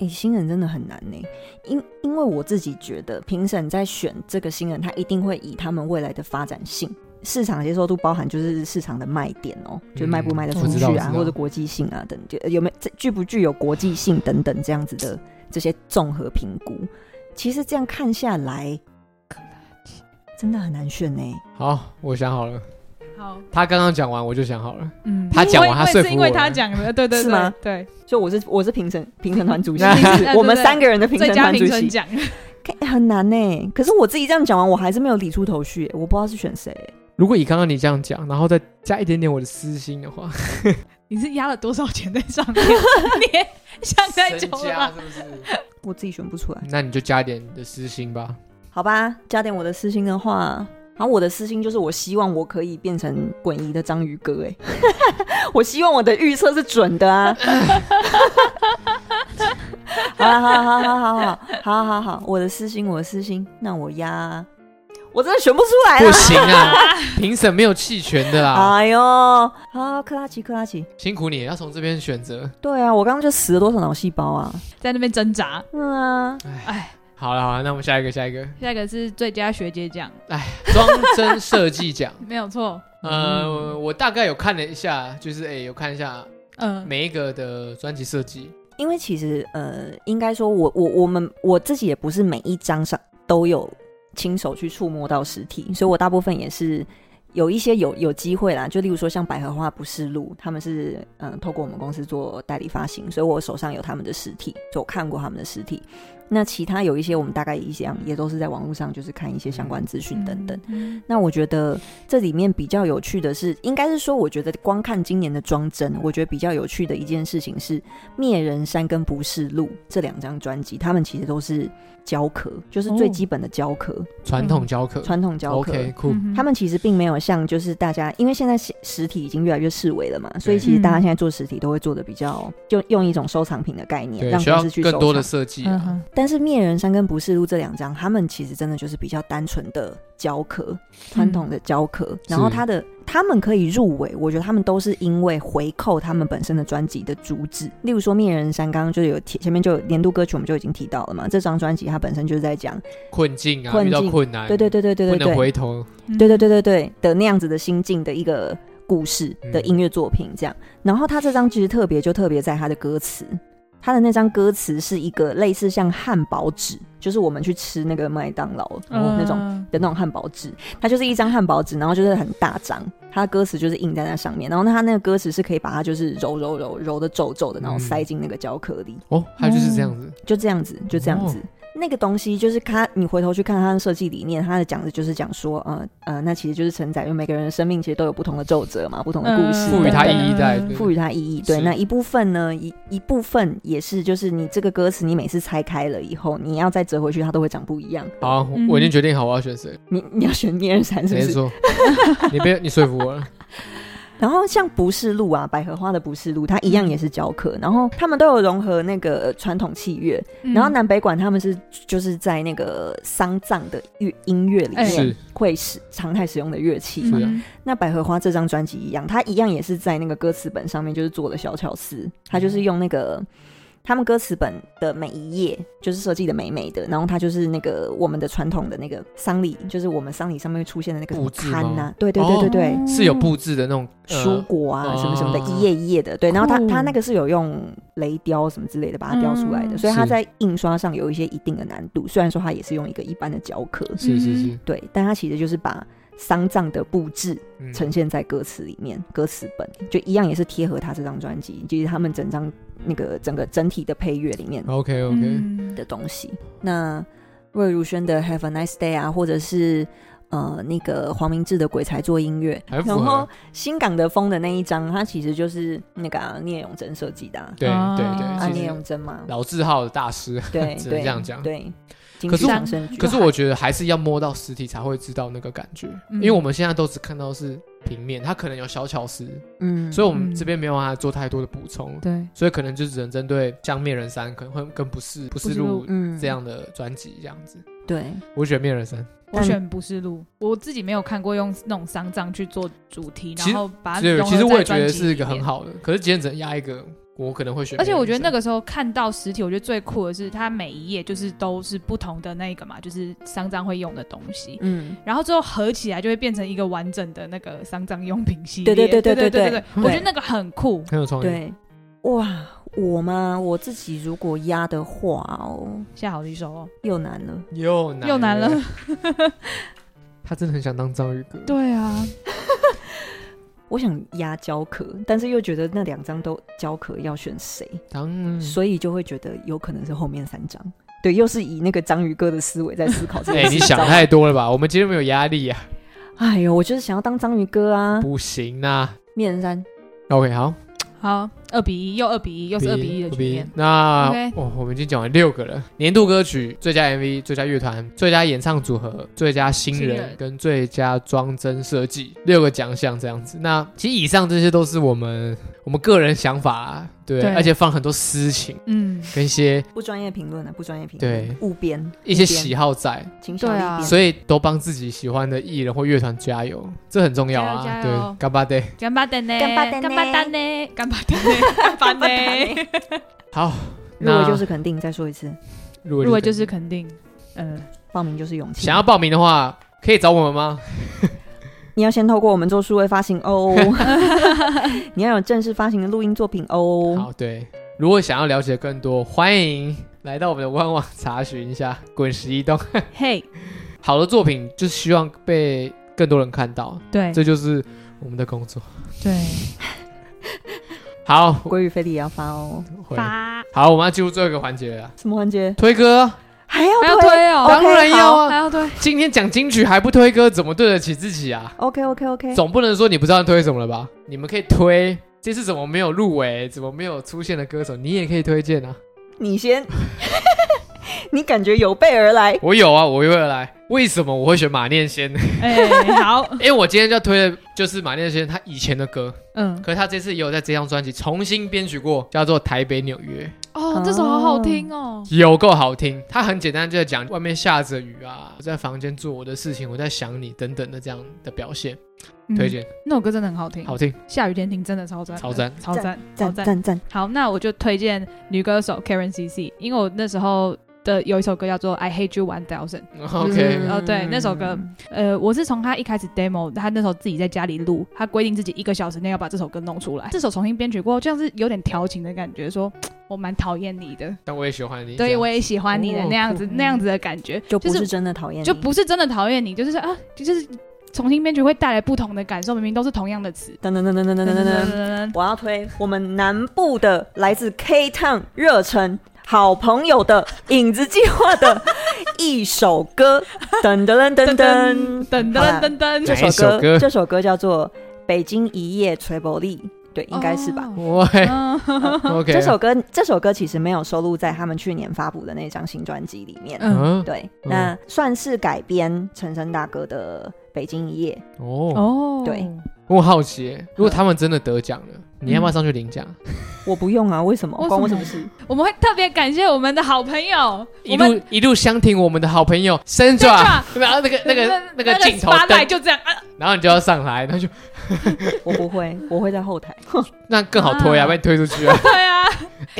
A: 哎、欸，新人真的很難呢。因因為我自己覺得評審在選這個新人，他一定會以他們未來的發展性、市場接受度，包含就是市場的賣點哦、喔嗯，就是、賣不賣得出去啊，或者是國際性啊等等，就，有沒有這、具不具有國際性等等這樣子的 這些綜合評估。其實這樣看下來，真的很難選呢。
B: 好，我想好了。他剛剛講完，我就想好了。嗯，他講完他說服我了，對
A: 對，對， 是嗎？對，所以我是我是評審評審團主席， 意思 我們三個人的評審團主席，最佳評審講，okay, 很難呢。可是我自己這樣講完，我還是沒有理出頭緒，我不知道是選誰。
B: 如果以剛剛你這樣講，然後再加一點點我的私心的話，
A: 你是壓了
C: 多少錢在上
A: 面？ 你想太多了吧，是不是
B: 我自己選不出來，那你就加一點你的私心吧。
A: 好吧，加點我的私心的話。然、啊、後我的私心就是，我希望我可以變成滾姨的章魚哥哎、欸， 我希望我的預測是準的啊！ 好，好，好，好，好，好，好，好，好，好，好，好，好，我的私心，我的私心，那我押，我真的選不出來，不行啊，評 審沒有棄權的啦！ 哎呦，好，好，克拉奇，克拉奇，辛苦你要從這邊選擇。對啊，我剛剛就死了多少腦細胞啊，
B: 在那邊掙扎。嗯
A: 啊。哎。
B: 好了，好了，那我們下一個，下一個，下一個是
C: 最佳學姐獎。哎，
B: 裝幀設計獎。
C: 沒有錯。呃、嗯，我，
B: 我大概有看了一下，就是哎、欸，有看一下，嗯，每一個的專輯設計。
A: 因為其實呃，應該說我，我我我們我自己也不是每一張上都有親手去觸摸到實體，所以我大部分也是有一些有有機會啦。就例如說，像百合花不是路，他們是嗯、呃，透過我們公司做代理發行，所以我手上有他們的實體，就看過他們的實體。那其他有一些，我們大概一樣也都是在網絡上，就是看一些相關資訊等等。那我覺得這裡面比較有趣的是，應該是說，我覺得光看今年的裝幀，我覺得比較有趣的一件事情是《滅人山》跟《不是路》這兩張專輯，他們其實都是膠殼，就是最基本的膠殼，傳、哦、統膠殼，傳、嗯、統膠殼。Okay, cool. 他們其實並沒有像就是大家，因為現在實體已經越來越式微了嘛，所以其實大家現在做實體都會做得比較，用用一種收藏品的概念，讓粉絲去更多的設計、啊。嗯但是《滅人山》跟《不是路》這兩張，他們其實真的就是比較單純的膠殼，傳統的膠殼、嗯。然後他的他們可以入圍，我覺得他們都是因為回扣他們本身的專輯的主旨、嗯。例如說《滅人山》剛剛就有前面就有年度歌曲，我們就已經提到了嘛。這張專輯它本身就是在講
B: 困境啊，困、境遇到困難，對對對對對對，對，回頭，
A: 對對對對對，對的那樣子的心境的一個故事的音樂作品這樣。嗯、然後他這張其實特別就特別在他的歌詞。它的那張歌詞是一個類似像漢堡紙，就是我們去吃那個麥當勞那種的那種漢堡紙。嗯，它就是一張漢堡紙，然後就是很大張，它的歌詞就是印在那上面，然後它那個歌詞是可以把它就是揉揉揉揉的皺皺的，然後塞進那個膠殼裡，哦，
B: 它就是這樣
A: 子，就這樣子，就這樣子。哦那個東西就是他，你回頭去看他的設計理念，他的講的就是講說，呃呃，那其實就是承載，因為每個人的生命其實都有不同的皺褶嘛，不同的故事，賦、嗯、予它意義，在，賦予它意義。對，那一部分呢，一一部分也是，就是你這個歌詞，你每次拆開了以後，你要再折回去，它都會長不一樣。好、啊嗯，我已經
B: 決定好我要選誰，
A: 你你要選聶二三。是誰說？
B: 你別，你說服我了。
A: 然後像《不是路》啊，《百合花》的《不是路》，它一樣也是教課、嗯，然後他們都有融合那個傳統器樂，嗯、然後南北管他們是就是在那個喪葬的樂音樂裡面會使、哎、是常態使用的樂器嘛、嗯，那百合花這張專輯一樣，它一樣也是在那個歌詞本上面就是做的小巧思，它就是用那個。嗯他們歌詞本的每一頁就是設計的美美的，然後它就是那個我們的傳統的那個喪禮，就是我們喪禮上面會出現的那個午餐吶。對對對對、哦、對對對，是有布置的那種蔬果啊、哦、什麼什麼的，一頁一頁的。對，然後它它那個是有用雷雕什麼之類的把它雕出來的、嗯，所以它在印刷上有一些一定的難度。雖然說它也是用一個一般的雕刻，是、是是是，對，但它其實就是把。喪葬的佈置呈現在歌詞裡面，嗯、歌詞本就一樣也是貼合他這張專輯，就是他們整張那個整個整體的配樂裡面。OK OK 的東西。那魏如萱的 Have a Nice Day 啊，或者是呃那個黃明志的鬼才做音樂，然後新港的風的那一張，它其實就是那個聶、啊、永真設計的。對對對，啊聶、啊、永真嘛，老字
B: 號的大師，對 只能這樣講。對。
A: 對可是，可是
B: 我覺得還是要摸到實體才會知道那個感覺，嗯、因為我們現在都只看到是平面，它可能有小巧思。嗯，所以我們這邊沒有辦法做太多的補充、嗯、充，對，所以可能就只能針對像《面人山》，可能會跟不是不是路、嗯、這樣的專輯這樣子，對，我選《面人山》，我選《
C: 不是路》，我自己沒有看過用那種喪葬去做主題，然後把其實其實我也覺得是
B: 一個很好的，嗯、可是今天只能壓一個。我可能會選，而且我覺得
C: 那個時候看到實體，嗯、我覺得最酷的是它每一頁就是都是不同的那個嘛，就是喪葬會用的東西，嗯，然後最後合起來就會變成一個完整的那個喪葬用品系列，對對對對
A: 對對，對，對，對，對，對，我，覺對，對我覺得那個很酷，很有創意，對，哇，我嘛我自己如果壓的話哦、喔，現在好幾首哦、喔，又難了，又難了又難了，
B: 他真的很想當章魚哥，對
A: 啊。 我想壓膠殼，但是又覺得那兩張都膠殼，要選誰、嗯？所以就會覺得有可能是後面三張。對，又是以那個章魚哥的思維在思考。哎、 欸，你想太
B: 多了吧？我們今天沒有壓力啊。
A: 哎 呦，我就是想要當章魚哥啊。
B: 不行吶、啊，
A: 面山。OK，好。好。二比一，又二比一，又是二比一的局面。
B: 那、okay、哦，我們已經講完六個了。年度歌曲、最佳 MV、最佳樂團、最佳演唱組合、最佳新人，新人跟最佳裝幀設計，六個獎項這樣子。那其實以上這些都是我們我們個人想法、啊對，對，而且放很多私情，嗯，跟一些
A: 不專業評論的不專業評論，對，誤編一些喜好在，對啊，所
B: 以都幫自己喜歡的藝人或樂團加油，這很重要啊，對，干巴爹，干
C: 巴爹呢，干巴爹呢，干巴爹。反 對、
A: 欸。好，那，如果就是肯定，再說一次，如果就是肯定。呃，報名就是勇氣。想要報
B: 名的話，可以找我們嗎？
A: 你要先透過我們做數位發行哦。 你要有正式發行的錄音作品哦。好，
B: 對。如果想要了解更多，歡迎來到我們的官網查詢一下《滾石移動》。嘿，好的作品就是希望被更多人看到，對，這就是我們的工作。對。好，
A: 鮭魚菲力也要發哦，發。
B: 好，我們要進入最後一個環節了。什麼環節？推歌
A: 還要推哦？當然要啊，還要推。今
B: 天講金曲還不推歌，怎麼對得起自己啊
A: ？OK OK OK，總
B: 不能說你不知道推什麼了吧？你們可以推，這次怎麼沒有入圍？怎麼沒有出現的歌手？你也可以推薦啊。
A: 你先。 你感覺有備而來？我有啊，我有
B: 備而來。為什麼我會選馬念先？哎、欸，好，因、欸、為我今天就要推的就是馬念先，他以前的歌，嗯，可是他這次也有在這張專輯重新編曲過，叫做《台北紐約》哦。
C: 哦，這首好好聽
B: 哦，有夠好聽。他很簡單，就在講外面下着雨啊，我在房間做我的事情，我在想你等等的這樣的表現。嗯、推薦
C: 那首歌真的很好聽，好聽，下雨天聽真的超讚，超讚，超讚，讚好讚讚讚讚。好，那我就推薦女歌手 Karen CC，因為我那時候。的有一首歌叫做《I Hate You One Thousand》、okay，就是、嗯、哦、對、嗯、那首歌，呃，我是從他一開始 demo，他那時候自己在家裡錄，他規定自己一個小時內要把這首歌弄出來。這首重新編曲過，就像是有點調情的感覺，說我蠻討厭你
B: 的，但我也喜歡你，對，我也
C: 喜歡你的、哦、那樣子、哦，那樣子的感覺，就不是真的討厭，就不是真的討厭你，你，就是說啊，就是重新編曲會帶來不同的感受，明明都是同樣的詞。等等等
A: 等等等等等等等，我要推我們南部的來自 K Town 熱城好朋友的《影子計劃》的一首歌，噔噔噔噔噔噔噔噔。這首歌這首歌叫做《北京一夜》，吹玻璃，對，應該是吧？哦哦哦、 這首歌這首歌其實沒有收錄在他們去年發布的那張新專輯裡面，嗯，嗯對嗯，那算是改編陳升大哥的。《北京一夜》哦
B: 哦，對，我好奇、欸，如果他們真的得獎了、嗯，你要不要上去領獎？
A: 我不用啊，為什麼關我，我什麼事？ 我們會特
C: 別感謝我們的好朋友，一路
B: 一路相挺我們的好朋友。伸爪，然後
C: 那個、那個嗯、那個那個鏡頭燈就這
B: 樣，然後你就要上來，他、嗯、就，就
A: 我不會，我會在後台，
B: 那更好推啊，被推出去啊，對、 哎、
C: 啊，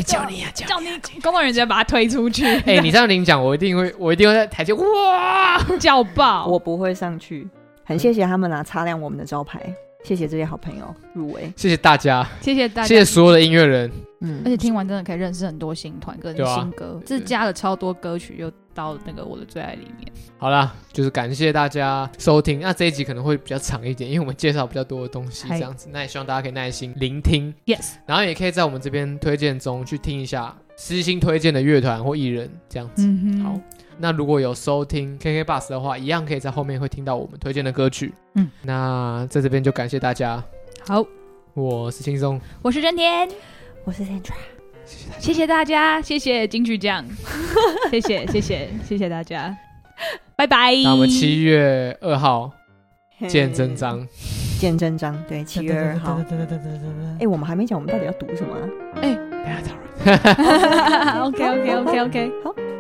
C: 叫你啊叫你啊，
A: 工作人員直接把他推出去。哎
B: 欸，你這樣領獎，我一定會，我一定會，一定會在台前 哇
A: 叫爆，我不會上去。很謝謝他們啊，擦亮我們的招牌。謝謝這些好朋友入圍，
B: 謝謝大家，謝謝大家。謝謝所有的音樂人。嗯，
A: 而且聽完真的可以認識很多新團
C: 跟新歌，啊、對對，這加了超多歌曲又到那個我的最愛裡面。
B: 好啦，就是感謝大家收聽。那這一集可能會比較長一點，因為我們介紹比較多的東西，Hi. 這樣子。那也希望大家可以耐心聆聽。Yes，然後也可以在我們這邊推薦中去聽一下私心推薦的樂團或藝人，這樣子。嗯，好。那如果有收聽 KKBOX 的話，一樣可以在後面會聽到我們推薦的歌曲。嗯，那在這邊就感謝大家。好，我是輕鬆，
C: 我是真田，我是 Sandra 謝謝大家，謝謝金曲獎 謝謝謝謝謝謝謝大家， 拜拜。那我們七
B: 月二號見真章，
A: 見真章。對，七月二號。哎、欸，我們還沒講我們到底要讀什麼哎、啊、哎，大家早。Right. OK OK OK OK, okay, okay. 好。